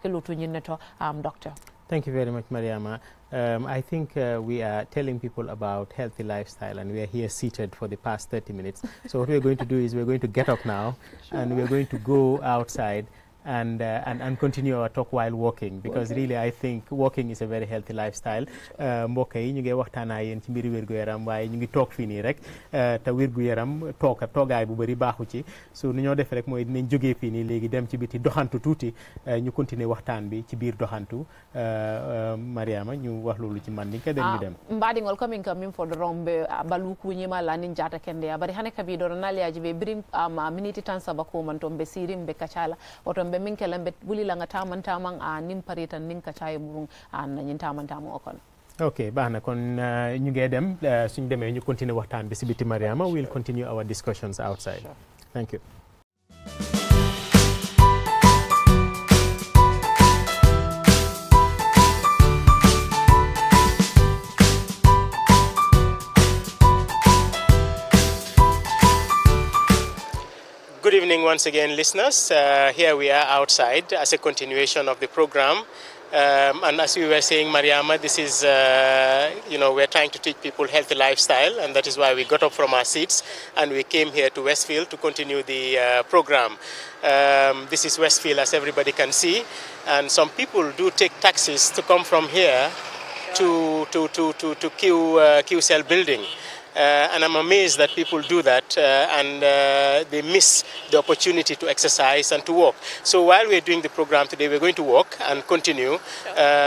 um, doctor Thank you very much, Mariama. Um, I think uh, we are telling people about healthy lifestyle, and we are here seated for the past 30 minutes. so what we're going to do is we're going to get up now, sure. and we're going to go outside and, uh, and, and continue our talk while walking because okay. really I think walking is a very healthy lifestyle uh, mbokk yi ñu ngi waxtaan ak ci mbiri wér gu yaram waaye ñu ngi toog fii nii rek uh, te wér gu yaram toog toogaay bu bëri baaxu ci su nu ñoo def rek mooy dinañ jógee fii nii léegi dem ci biti doxantu tuuti uh, ñu continuer waxtaan bi ci biir doxantu Mariama ñu wax loolu ci man ndinka den mi dem ah, mbaɗigol komin kam min fodo rombe balukuñima lanin jata kendeya bari hane kabi ɗo naliyaji ɓe birim miniti tan saba kuman toon ɓe sirim ɓe kacala ɓe min kela ɓe wulila ga tamantaman a nin pari tan nin ka cayi murun an nañin tamantaman o kono ok baax na kon uh, ñu ngee dem uh, suñ demee ñu continue waxtaan bi si biti Mariama we'll continue our discussions outside thank you evening once again, listeners. Uh, here we are outside as a continuation of the program. Um, and as we were saying, Mariama, this is, uh, you know, we're trying to teach people healthy lifestyle, and that is why we got up from our seats and we came here to Westfield to continue the uh, program. Um, this is Westfield, as everybody can see, and some people do take taxis to come from here to, to, to, to, to Q, uh, Cell building. Uh, and I'm amazed that people do that uh, and uh, they miss the opportunity to exercise and to walk. So while we're doing the program today, we're going to walk and continue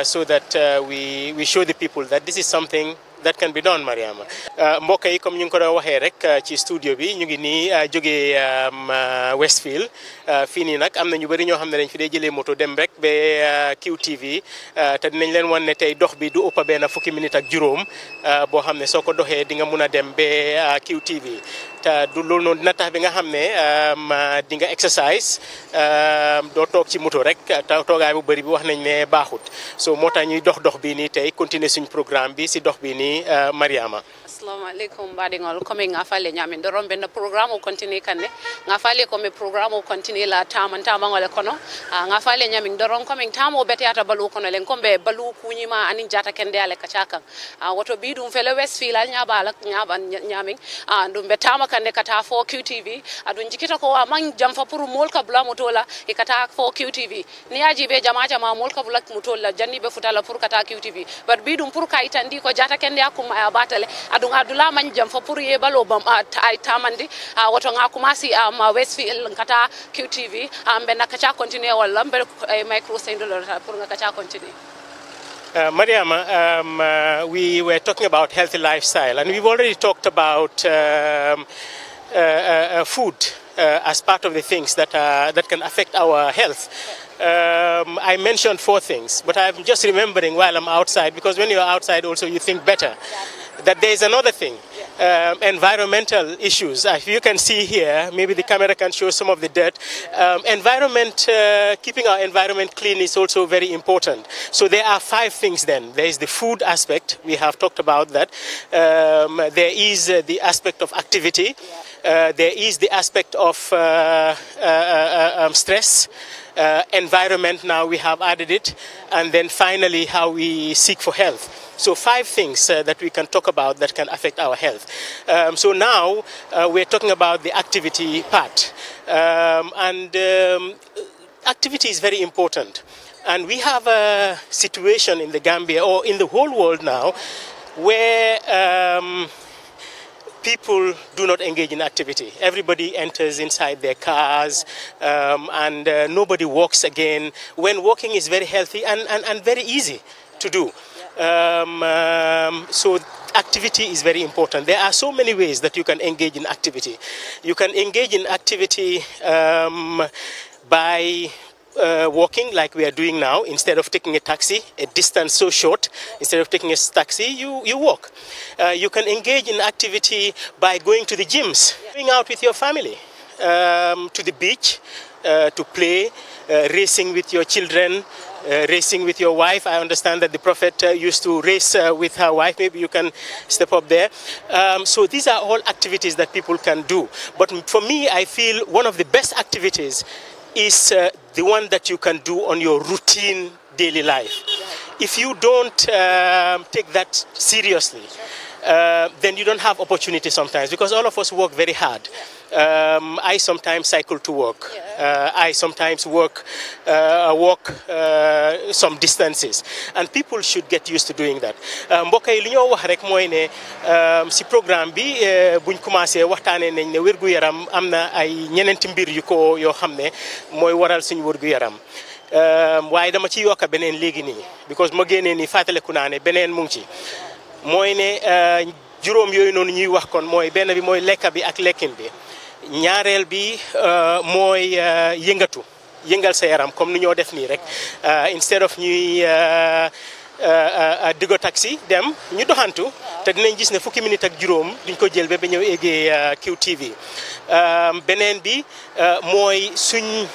so that we, we show the people that this is something that can be done Mariama uh, mbokk yi comme ñu ngi ko doon waxee rek uh, ci studio bi ñu ngi nii uh, jógee um, Westfield fii nii nag am na ñu bëri ñoo xam ne dañ fi dee jëlee moto dem rek ba QTV te dinañ leen wan ne tey dox bi du ëpp na fukki minute ak juróom boo xam ne soo ko doxee di nga mun a dem ba QTV te du loolu noonu dina tax bi nga xam ne euh, di nga exercise euh, doo toog ci moto rek toogaay bu bëri bi wax nañ ne baaxut so moo tax ñuy dox dox bii nii tey continuer suñ programme bi si dox bii nii euh, Mariama assalamu aleykum mbaɗigol komin gafali ñamin ɗo rombe no programme o continue kanne gafali komi programme o continue la taman tamagole kono ah, gafali ñamin ɗo ron komin tamo beteyata balu kono len komɓe balu kuñima anin jata kende ale kaca kan ah, woto bi ɗum fele west filal ñaɓala ñaɓa ñamin ah, ɗum ɓe tama kande kata fo qtv aɗum jikita ko aman jam fa pour mol bula mutola e kata fo qtv ni yaji ɓe jama jama molka bula mutola janni futala pour kata qtv bat bi ɗum pour ka itandi ko jata kende a kum a batale aɗum ɗum abdoula man jam fa pour ye balo bam ay tamandi woto masi a ma westfield kata qtv um, mbenna kaca continuer walla wala be uh, micro seyndolota uh, pour ga kaca continuer Uh, Mariama, um, uh, we were talking about healthy lifestyle, and we've already talked about um, uh, uh food as part of the things that, that can affect our health. Um, I mentioned four things, but I'm just remembering while I'm outside because when you're outside, also you think better. that there is another thing, um, environmental issues. If you can see here, maybe the camera can show some of the dirt. Um, environment, uh, keeping our environment clean is also very important. So there are five things then. There is the food aspect, we have talked about that. Um, there is uh, the aspect of activity. Uh, there is the aspect of uh, uh, uh, um, stress uh, environment now we have added it, and then finally how we seek for health. So five things uh, that we can talk about that can affect our health. Um, so now uh, we're talking about the activity part. Um, and um, activity is very important. And we have a situation in the Gambia or in the whole world now where um, people do not engage in activity. Everybody enters inside their cars um, and uh, nobody walks again when walking is very healthy and, and, and very easy to do. Um, um, so activity is very important. There are so many ways that you can engage in activity. You can engage in activity um, by uh, walking like we are doing now, instead of taking a taxi, a distance so short, instead of taking a taxi, you, you walk. Uh, you can engage in activity by going to the gyms, going out with your family, um, to the beach, uh, to play, uh, racing with your children, uh, racing with your wife. I understand that the Prophet uh, used to race with her wife. Maybe you can step up there. Um, so these are all activities that people can do. But for me, I feel one of the best activities is uh, the one that you can do on your routine daily life. If you don't um, take that seriously, uh, then you don't have opportunity sometimes because all of us work very hard. Um, I sometimes cycle to work. Yeah. Uh, I sometimes work, uh, uh, some distances, and people should get used to doing that. Uh, mbokk yi li ñoo wax rek mooy ne um, si programme bi uh, buñ commencé waxtaanee nañ ne wérgu yaram am na ay ñeneenti mbir yu ko yoo xam ne mooy waral suñ wérgu yaram. Um, waaye dama ci yokk beneen léegi nii because ma génnee nii fàttaliku naa ne beneen mu ci mooy ne juróom yooyu noonu ñuy wax kon mooy benn bi mooy lekka bi ak lekkin bi. ñaareel bi euh, mooy euh, yëngatu yëngal sa yaram comme ni ñoo def nii rek euh, instead of ñuy digo taxi dem ñu doxantu te dinañ gis ne fukki minute ak juróom duñ ko jël ba ba ñëw eggee QTV beneen bi mooy suñ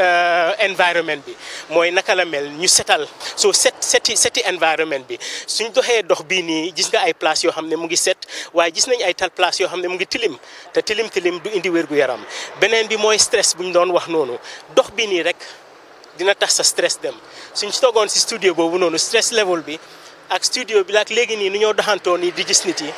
Euh, environnement bi mooy naka la mel ñu setal so set seti seti environnement bi suñ doxee dox bii nii gis nga ay place yoo xam ne mu ngi set waaye gis nañ ay tal place yoo xam ne mu ngi tilim te tilim tilim du indi wér gu yaram beneen bi mooy stress bu ñu doon wax noonu dox bii nii rek dina tax sa stress dem suñ toogoon si studio boobu noonu stress level bi ak studio bi laak léegi nii nu ñoo doxantoo nii di gis nit yi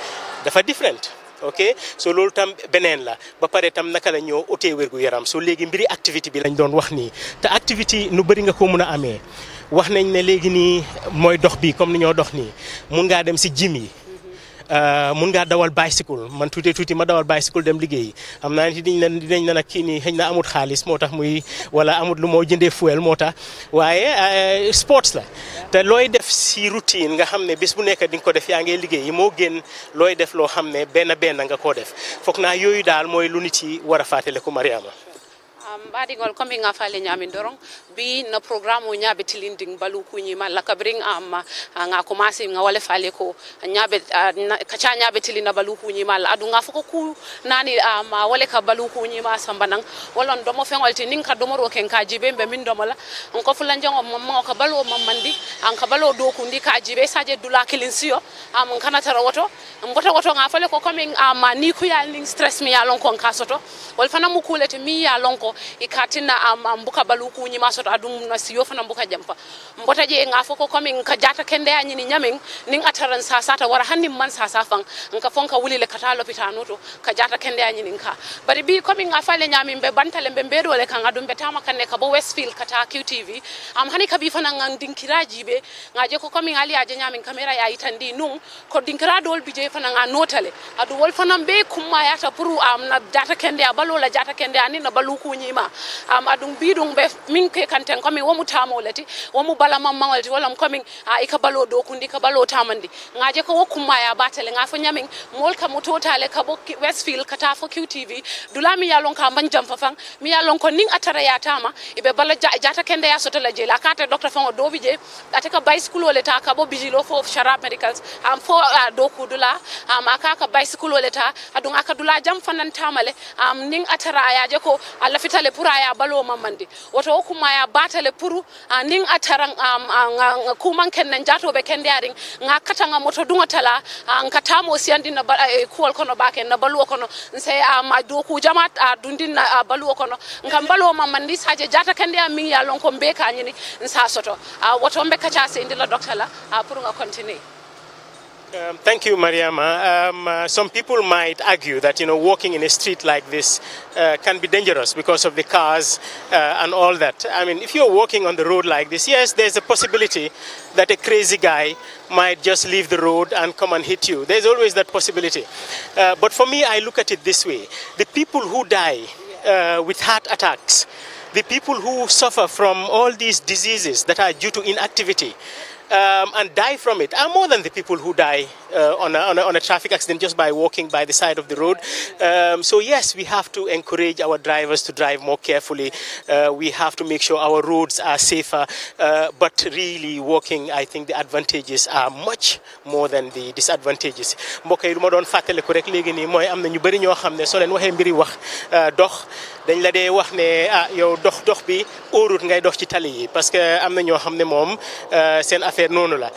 dafa different ok so loolu tam beneen la ba pare tam naka la ñoo otee wér yaram so léegi mbiri activité bi lañ doon wax nii te activité nu bëri nga ko mun a amee wax nañ ne léegi nii mooy dox bi comme ni ñoo dox nii mun ngaa dem si jim yi Euh, mun ngaa dawal bicycle man tuuti tuuti ma dawal bicycle dem liggéey am naa ni dinañ dinañ na nag kii nii xëy na amut xaalis moo tax muy wala amut lu moo jëndee fuel moo tax waaye euh, sports la te looy def si routine nga xam ne bis bu nekk di nga ko def yaa ngi liggéey moo gën looy def loo xam ne benn benn nga koo def foog naa yooyu daal mooy lu nit yi war a fàttaliku Mariama am badi gol kombi nga gafali ñamin doron bi na programme o ñaaɓe tilindin balu kuñima lakabirin am ga commencé nga wale fale ko ñaaɓe kaca ñaaɓe tilina balu kuñima la adu nga fo ku nani am wale ka balu kuñima samba nan walon domo mo ti nin ka do mo ro ken ka jibe be min do mala on ko fulan jango mo mo ka balu mo mandi an ka balu do ku ndi ka jibe saje dula kilin siyo am um, kana tara woto mboto woto nga fale ko komin am ni ku ya ning stress mi ya yalon kon ka soto wal fana mu kulete mi ya lon ko i katinna am am buka balu kuñi ma soto adum na siyo fana ambuka jampa mbota je nga foko komi nka jata kende anyi ni nyamin nin ataran sa sa ta war hanni man sa sa fan nka fonka wuli le kata pitano to ka jata kende anyi ninka bari bi komi nga fale nyamin be bantale be bedo le kan adum be tama kan ne ka bo Westfield kata QTV am hani ka bi fana ngang dinkiraji be je ko komi ali aje nyamin kamera ya itandi nun ko dinkira dol bi je fana a notale adu wol fana be kumma ta puru am na jata kende abalo la jata kende ani na balu kuñi ima um, aɗum mbiɗum ɓe min ke kanten komin womu tamole ti womu bala mammaole ti walla komin a ah, ika balo dokundi ka balo tamandi ngaje ko wokkumma ya batele nga fo ñamin mol kam totale ka bo westfield kata fo qtv dula mi yalon ka mbañ jam fa fan mi yalon ko nin atara ya tama ibe bala jata kende ya sotala je la kata docteur fango dobi je ate ka bicycle ole ta ka bo bijilo fo sharab medicals am um, fo uh, doku dula am um, aka ka bicycle ole ta adun aka dula jam fanan tamale am um, nin atara ya je ko alla fita batale pour aya balo mamande woto kuma ya batale pour nin ataran kuman kennen jatoɓe kende arin ga katanga moto dungo tala katamo siyandi na eh, kuwol kono bake na baluwo kono se ma doku a dundin na baluwo kono ngam baluwo mamandi saje jata kende a min ya lon ko mbe kañini sa soto woto mbe kaca se indila docteur la pour nga continue Um, thank you, Mariama. Um, uh, some people might argue that you know walking in a street like this uh, can be dangerous because of the cars uh, and all that. I mean, if you're walking on the road like this, yes, there's a possibility that a crazy guy might just leave the road and come and hit you. There's always that possibility. Uh, but for me, I look at it this way: the people who die uh, with heart attacks, the people who suffer from all these diseases that are due to inactivity um, and die from it are more than the people who die uh, on, a, on, a, on, a, traffic accident just by walking by the side of the road. Um, so yes, we have to encourage our drivers to drive more carefully. Uh, we have to make sure our roads are safer. Uh, but really, walking, I think the advantages are much more than the disadvantages. Uh, dañ la dee wax ne ah yow dox dox bi óorut ngay dox ci tali yi parce que am na ñoo xam ne moom uh, seen affaire noonu la.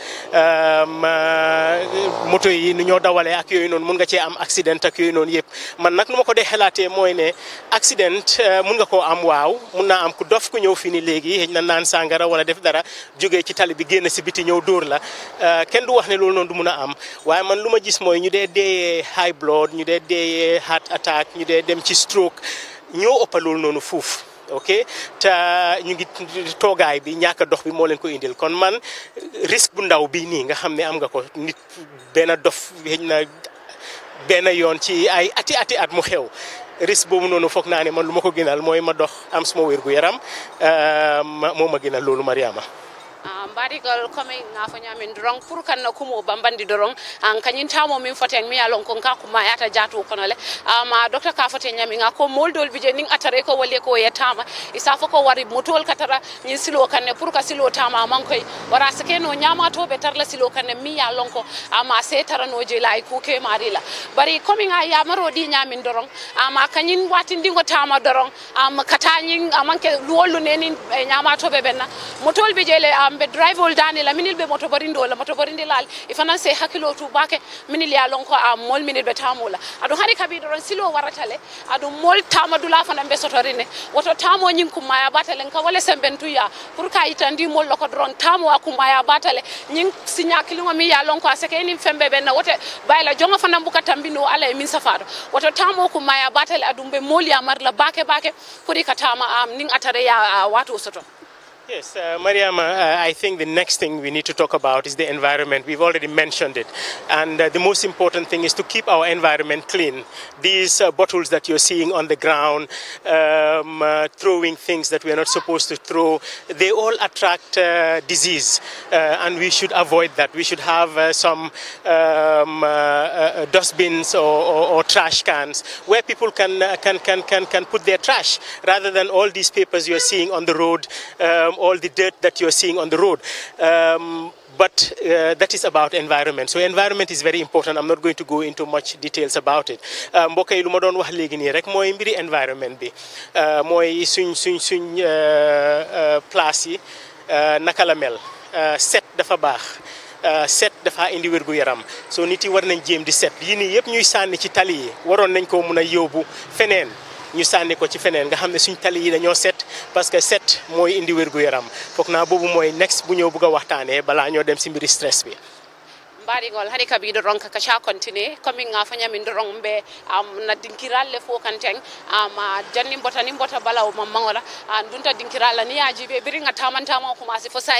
Um, uh, moto yi nu ñoo dawalee ak yooyu noonu mun nga cee am accident ak yooyu noonu yëpp man nag nu ma ko de xalaatee mooy ne accident euh, mun nga ko am waaw mun naa am ku dof ku ñëw fii ni léegi xëy na naan sàngara wala def dara jógee ci tali bi génn si biti ñëw dóor la euh, kenn du wax ne loolu noon du mun a am waaye man lu ma gis mooy ñu dee deeyee high blood ñu dee deeyee heart attack ñu dee dem ci stroke ñoo ëpp loolu noonu fuuf ok te ñu ngi toogaay bi ñàkk dox bi moo leen ko indil kon man risque bu ndaw bi nii nga xam ne am nga ko nit benn dof xëy na benn yoon ci ay ati ati at mu xew risque boobu noonu foog naa ne man lu ma ko ginal mooy ma dox am suma wér gu yaram euh, moo ma gënal loolu Mariama barikal komi ngafo nyamin dorong pour kan na kumo bambandi dorong an kanyin tamo min foten mi alon kon ka kuma yata jatu kono le ama docteur ka fote nyami nga ko moldol bije ning atare ko wolle ko yetama isa fo ko wari motol katara nyin silo kanne pour ka silo tama man koy wara sake no nyama to be tarla silo kanne mi alon ko ama ah, se tarano je lay ku ke marila bari komi nga ah, ya maro di nyamin dorong ama ah, kanyin watindingo tama dorong ama katanyin amanke luwolu nenin eh, nyama to be benna motol bije le am be arrival dani la minil be moto barindo la moto barindi lal ifana se hakilo tu bake minil ya lonko a ah, mol minil be tamola adu hari kabi doron silo waratale adu mol tamadula fana be sotorine woto tamo nyin kumaya batale ka wala sembentu ya pour ka itandi mol loko doron tamo akumaya batale nyin sinya kilingo mi ya lonko aseke ni fembe be na wote bayla jonga fana buka tambino ala min safato woto tamo kumaya batale adu be mol ya marla bake bake pour ka tama am ah, nin atare ya ah, watu soto Yes, uh, Mariam, uh, I think the next thing we need to talk about is the environment. We've already mentioned it. And uh, the most important thing is to keep our environment clean. These uh, bottles that you're seeing on the ground, um, uh, throwing things that we're not supposed to throw, they all attract uh, disease. and we should avoid that. We should have some um, dustbins or, or, or, trash cans where people can, can, can, can, can put their trash rather than all these papers you're seeing on the road. Um, all the dirt that you're seeing on the road. Um, but uh, that is about environment so environment is very important I'm not going to go into much details about it um, mbokk yi lu ma wax léegi nii rek mooy mbiri environment bi uh, mooy suñ suñ suñ uh, uh, place yi naka mel set dafa baax set dafa indi wergu yaram so niti war nañ jéem di set yini yep yëpp ñuy sànni ci tali yi waroon nañ ko mun a yóbbu ñu sànni ko ci feneen nga xam ne suñ tali yi dañoo set parce que set mooy indi wér-gu-yaram foog naa boobu mooy next bu ñëw bëgg a waxtaanee balaa ñoo dem si mbiri stress bi. mbaɗigol haade kabi yiɗo ronka kaca continué commin ga fañam min dorong ɓe um, na dinkiralle um, uh, uh, fo kan teng ma janni mbota ni mbota balaw mammagola dunta dinkiralla ni yaji ɓe ɓiriga tamantama commencé fo sa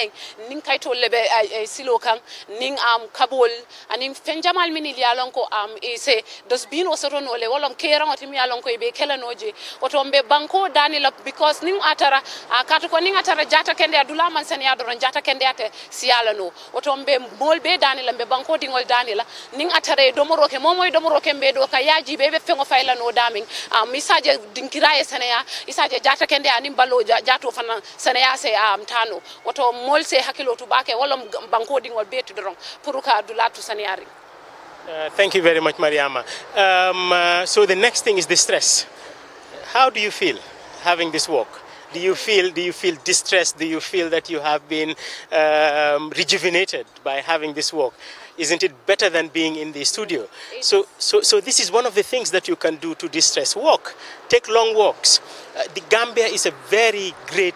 nin kaytolle ɓe e eh, eh, silo kan nin am um, kabol anin uh, fen jamal min il yalon ko am e se bin o sotonole wolom keran otim yalon ko ɓe e kelanoje oto ɓe banko dani lap because nin atara kato ko nin atara jata kende a dulaman sene yadoron jata kende ate siyalano oto ɓe molɓe dani ɓe banko dani danila nin atare domoro ke momoye domoro ke do ka be ɓe fego faylano damin a um, misaje dinkira e sénéya isaje jata kende anim ballo jato fana sénéya se um, tano woto molse hakkilo tubake walla bankodigol ɓetudoron pour ka dulatu sénéyari Uh, thank you very much, Mariama. Um, uh, so the next thing is distress. How do you feel having this walk? Do you feel do you feel distressed? Do you feel that you have been um, rejuvenated by having this walk? Isn't it better than being in the studio? so, so, so this is one of the things that you can do to distress. Walk, take long walks. Uh, the Gambia is a very great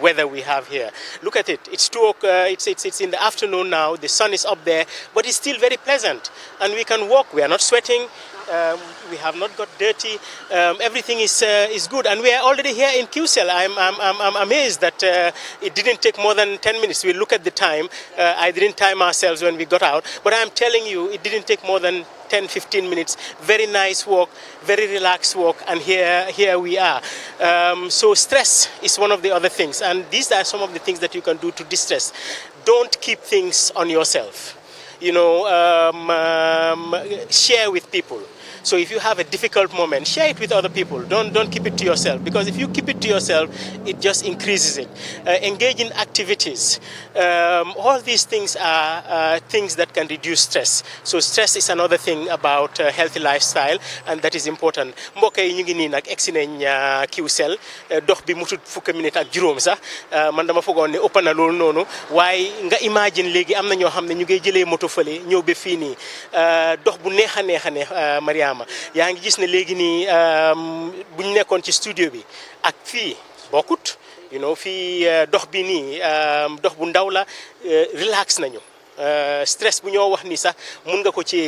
weather we have here. Look at it. It's two. Uh, it's, it's it's in the afternoon now. The sun is up there, but it's still very pleasant, and we can walk. We are not sweating. Um, we have not got dirty. Um, everything is uh, is good, and we are already here in QCell. I'm I'm, I'm amazed that uh, it didn't take more than 10 minutes. We look at the time. Uh, I didn't time ourselves when we got out, but I'm telling you, it didn't take more than 10, 15 minutes. Very nice walk, very relaxed walk, and here, here we are. Um, so stress is one of the other things, and these are some of the things that you can do to distress. Don't keep things on yourself. You know, um, um, share with people. So if you have a difficult moment, share it with other people. Don't, don't keep it to yourself because if you keep it to yourself, it just increases it. Uh, engage in activities Um, all these things are uh, things that can reduce stress so stress is another thing about uh, healthy lifestyle and that is important mbokk yi ñu ngi nii nag egsi nañ uh, Qcell uh, dox bi mutut fukki minute ak juróom sax uh, man dama foogoon ne ëpp na loolu noonu waaye nga imagine léegi am na ñoo xam ne ñu ngi jëlee moto fële ñëw bi fii nii dox bu neex a neex a Mariama yaa ngi gis ne léegi nii um, buñ nekkoon ci studio bi ak fii bokkut you know fii euh, dox bi nii euh, dox bu ndaw la euh, relax nañu stress bu ñoo wax ni sax mun nga ko ci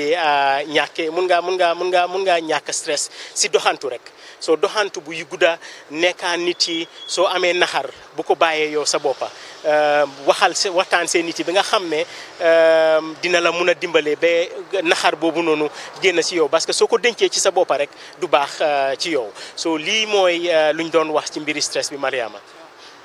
ñàkkee mun ngaa mun ngaa mun ngaa mun ñàkk stress si doxantu rek soo doxantu bu gudda nekkaa nit yi soo amee naxar bu ko bàyyee yow sa boppa waxal se waxtaan see nit yi ba nga xam ne dina la mun a dimbale ba naxar boobu noonu génn si yow parce que soo ko dencee ci sa boppa rek du baax ci yow soo lii mooy luñ doon wax ci mbiri stress bi Mariama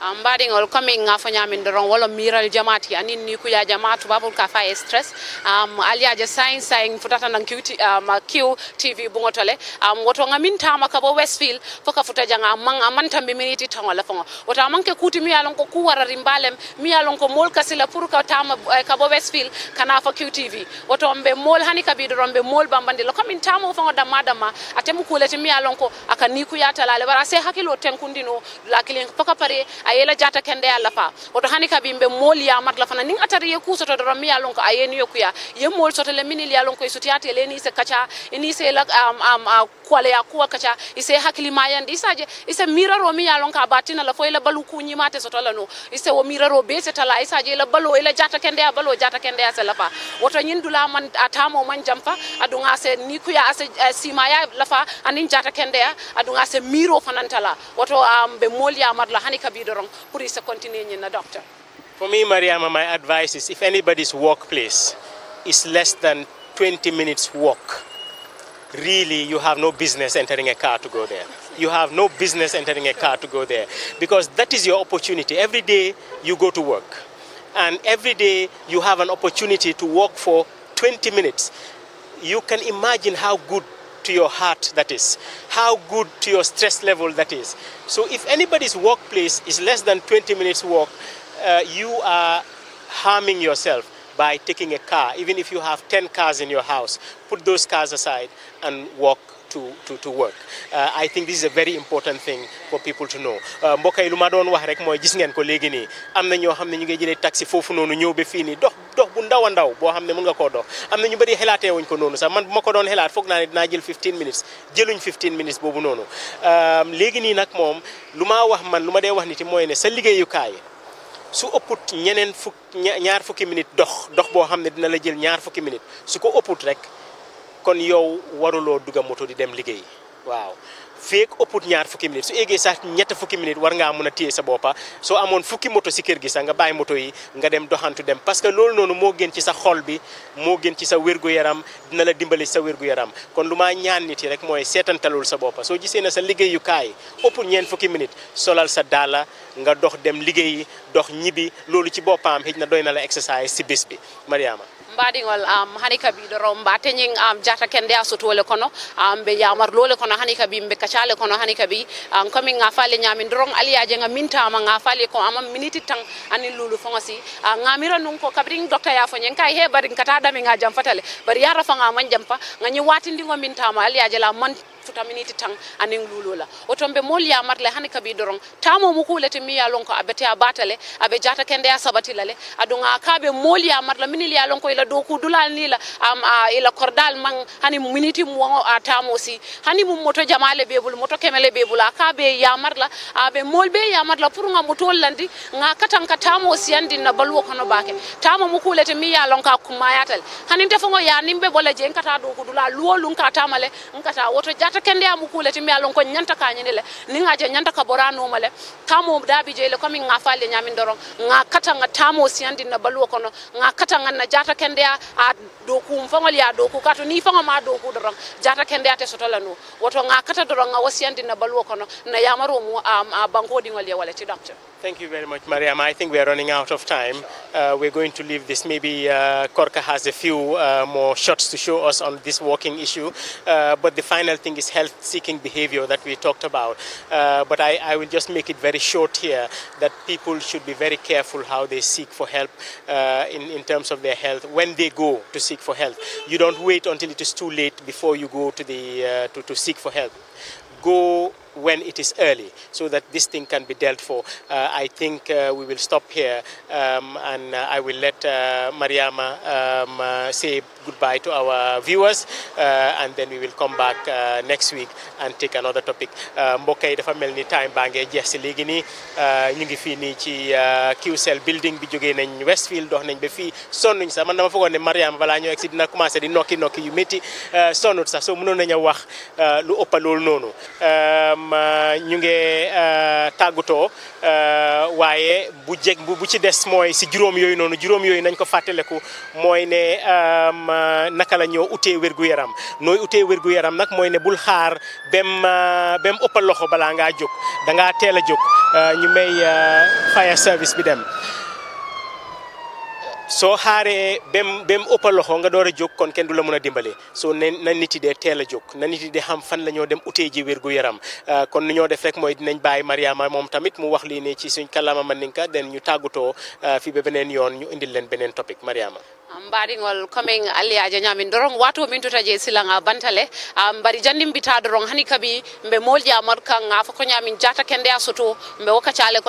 ambadi ngol nga komin gafoñamin doron wala miral jamaati anin ni kuya jamaatu babul ka fay e stress am um, aliaje sain sain futata nan kiuti am q tv um, bungotole am um, woto gamin tama ka bo westfield foka futa janga man man amanta miminiti tangola fonga woto amanke kuti mi yalon ko kuwara rimbalem mi yalon ko mol kasi la pour ka tama eh, ka bo westfield kana fo tv woto mbe mol hani ka bi kabidoron ɓe mol bambandilo komin tamo fongo damma damma atemu mi yalon ko aka ni kuya talale wara se hakilo tenkundino la lakilin foka pare ayela jata kende alla fa woto hani kabi mbe mool ya mat la fana nin atari ye kuso to dorami ya lonko ayeni yoku ya ye mool soto le minil lonko ko sutiyate le ni se kacha ni se la am am kwale ya kuwa kacha ise hakili mayandi isaje ise mira romi ya ka batina la fo ila balu kunyi mate sota la no ise wo mira robe se tala isaje ila balu ila jata kende ya balu jata kende ya se la fa woto nyindula man atamo man jamfa adunga se ni kuya ase eh, sima ya la fa anin jata kende ya adunga se miro fanantala woto um, be ya mat la hani kabi pour continuer na for me mariama my advice is if anybody's workplace is less than 20 minutes walk really you have no business entering a car to go there you have no business entering a car to go there because that is your opportunity every day you go to work and every day you have an opportunity to walk for 20 minutes you can imagine how good to your heart that is, how good to your stress level that is. So if anybody's workplace is less than 20 minutes walk, uh, you are harming yourself by taking a car, even if you have 10 cars in your house, put those cars aside and walk to, to, to work. Uh, I think this is a very important thing for people to know. Uh, taxi dox bu ndaw a ndaw boo xam ne mun nga ko dox am na ñu bëri xelaatee wuñ ko noonu sax man bu ma ko doon xelaat foog naa ne dinaa jël 15 minutes jëluñ 15 minutes boobu noonu léegi nii nag moom lu ma wax man lu ma dee wax nit yi mooy ne sa liggéeyukaay su ëpput ñeneen fukk ñaar fukki minutes dox dox boo xam ne dina la jël ñaar fukki minutes su ko ëpput rek kon yow waruloo dugg moto di dem liggéey fii ëpput ñaar fukki minutes su eggee sax ñett fukki minutes war ngaa mën a téye sa boppa soo amoon fukki moto si kër gi sax nga bàyyi moto yi nga dem doxantu dem parce que loolu noonu moo gën ci sa xol bi moo gën ci sa wér-gu-yaram dina la dimbali sa wér-gu-yaram kon lu maa ñaan nit yi rek mooy seetantalul sa boppa soo gisee na sa liggéeyukaay ëpput ñeen fukki minit solal sa daala nga dox dem liggéeyi dox ñibbi loolu ci boppaam xëj na doy na la exercice si bis bi Mariama mbaɗigol um, hani kadi ɗoro mbateñin um, jata kende a sotole um, kono um, ɓe yamarlole uh, kono hani kadi ɓe kacale kono hani kadi um, komin gafali ñamin doron aliyaje ga mintama gafali uh, ko ama miniti tan anin lulu fongosi uh, gamira nun ko kabrin docteur ya foñen kay he bari kata ɗami ga jam fatale bari yara fa ga man jam fa gañi watindigo mintama aliyaje la man futaminiti tan anin lulola otombe ɓe mol yamarle hani kabi doron tamo mu kulete mi ya lonko abete abatale abe jata kende ya sabatilale aɗum a kaɓe mol yamarla minil ya lonko ila dow kudulal nila am a ila kordal man hani miniti mu a tamo si hani mu moto jamale ɓebul moto kemele ɓebul akabe ya yamarla abe mol ɓe yamarla pour ga motol landi ga katan ka tamo si andi na balwo kono bake tamo mu kulete mi ya lonko a kummayatale hanin tefogo yanimɓe ɓola je en kata dow kudula luwo lum ka tamale en woto jata ñata kende amu kule mi alon ko ñanta ka nyine le ni je ñanta ka borano male tamo dabi je le mi nga falle ñami ndoro nga kata nga tamo andi na baluwa kono nga kata nga na jata kende a mfa ngol ya doku kato ni fango ma doku dorong jata kende soto la no woto nga kata dorong nga andi na baluwa kono na yamaro mu a bangodi ngol ya wala ti doctor Thank you very much, Mariam. I think we are running out of time. Uh, we're going to leave this. Maybe uh, has a few uh, more shots to show us on this walking issue. Uh, but the final thing is health-seeking behavior that we talked about. Uh, but I, I, will just make it very short here that people should be very careful how they seek for help uh, in, in terms of their health when they go to seek for help. You don't wait until it is too late before you go to, the, to, to seek for help. Go when it is early so that this thing can be dealt for. Uh, I think uh, we will stop here um, and uh, I will let uh, Mariama um, uh, say goodbye to our viewers uh, and then we will come back uh, next week and take another topic uh, mbokk yi dafa mel ni time baa ngee jeex si léegi nii ñu ngi fii nii ci QCell building bi jógee nañ Westfield dox nañ ba fii sonnuñ sax man dama foogoon ne Mariama balaa ñoo egsi dina commencé di nokki nokki yu métti sonnut sax soo mënoon nañu wax lu ëpp loolu noonu um, ñu ngi tàggatoo waaye bu jeg bu ci des mooy si juróom yooyu noonu juróom yooyu nañ ko fàttaleku mooy ne um, naka la ñoo utee wér-gu-yaram nooy utee wér-gu-yaram nag mooy ne bul xaar bem bem ëppal loxo balaa ngaa jóg da ngaa teel a jóg euh, ñu may euh, fire service bi dem soo xaaree bem bem ëppal loxo nga door a jóg kon kenn du la mën a dimbale soo ne na nit yi dee teel a jóg na nit yi dee xam fan la ñoo dem utee ji wér-gu-yaram euh, kon ni ñoo def rek mooy dinañ bàyyi Mariama moom tamit mu wax lii nii ci suñ kàllaama Mandinka den ñu tàggutoo fi ba beneen yoon ñu indil leen beneen topic Mariama mbaɗigol komin alliyaji ñamin dorong wato min totaje sila bantale mbaɗi jandim mbita doron hani kabi mbe molƴi amar kan ga fo ñamin jata kende a soto mbe woka cale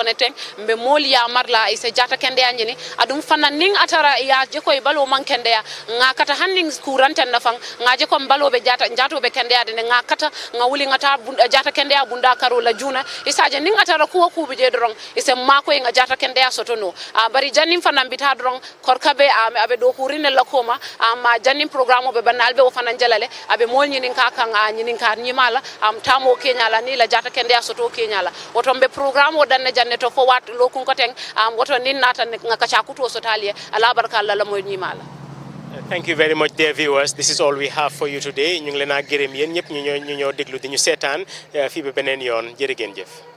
mbe molƴi amar la ise jata kende a jini aɗum fana nin atara ya je koye balo man kende ya ga kata hannin kuranten na fan ga je kon baloɓe jata jatoɓe kende ade ne ga kata ga wuli gata eh, jata kende a bunda karo la juna isaje nin atara kuwa kuɓi je dorong ise makoye ga jata kende a soto no mbaɗi jannin fana mbita dorong korkaɓe aɓe ɗo kurine lakoma am janin programme be banalbe o fanan jalale abe mol nyinin ka kan nyinin ka nyimala am tamo kenyala ni la jata kende asoto kenyala woto be programme o danne janne to fo wat lo kun koten am woto nin nata ngaka so sotaliye ala barka Allah la mol nyimala thank you very much dear viewers this is all we have for you today ñu ngi leen a gërëm yéen ñëpp ñu ñoo ñu ñoo déglu di ñu eh, fii ba beneen yoon jërë jëf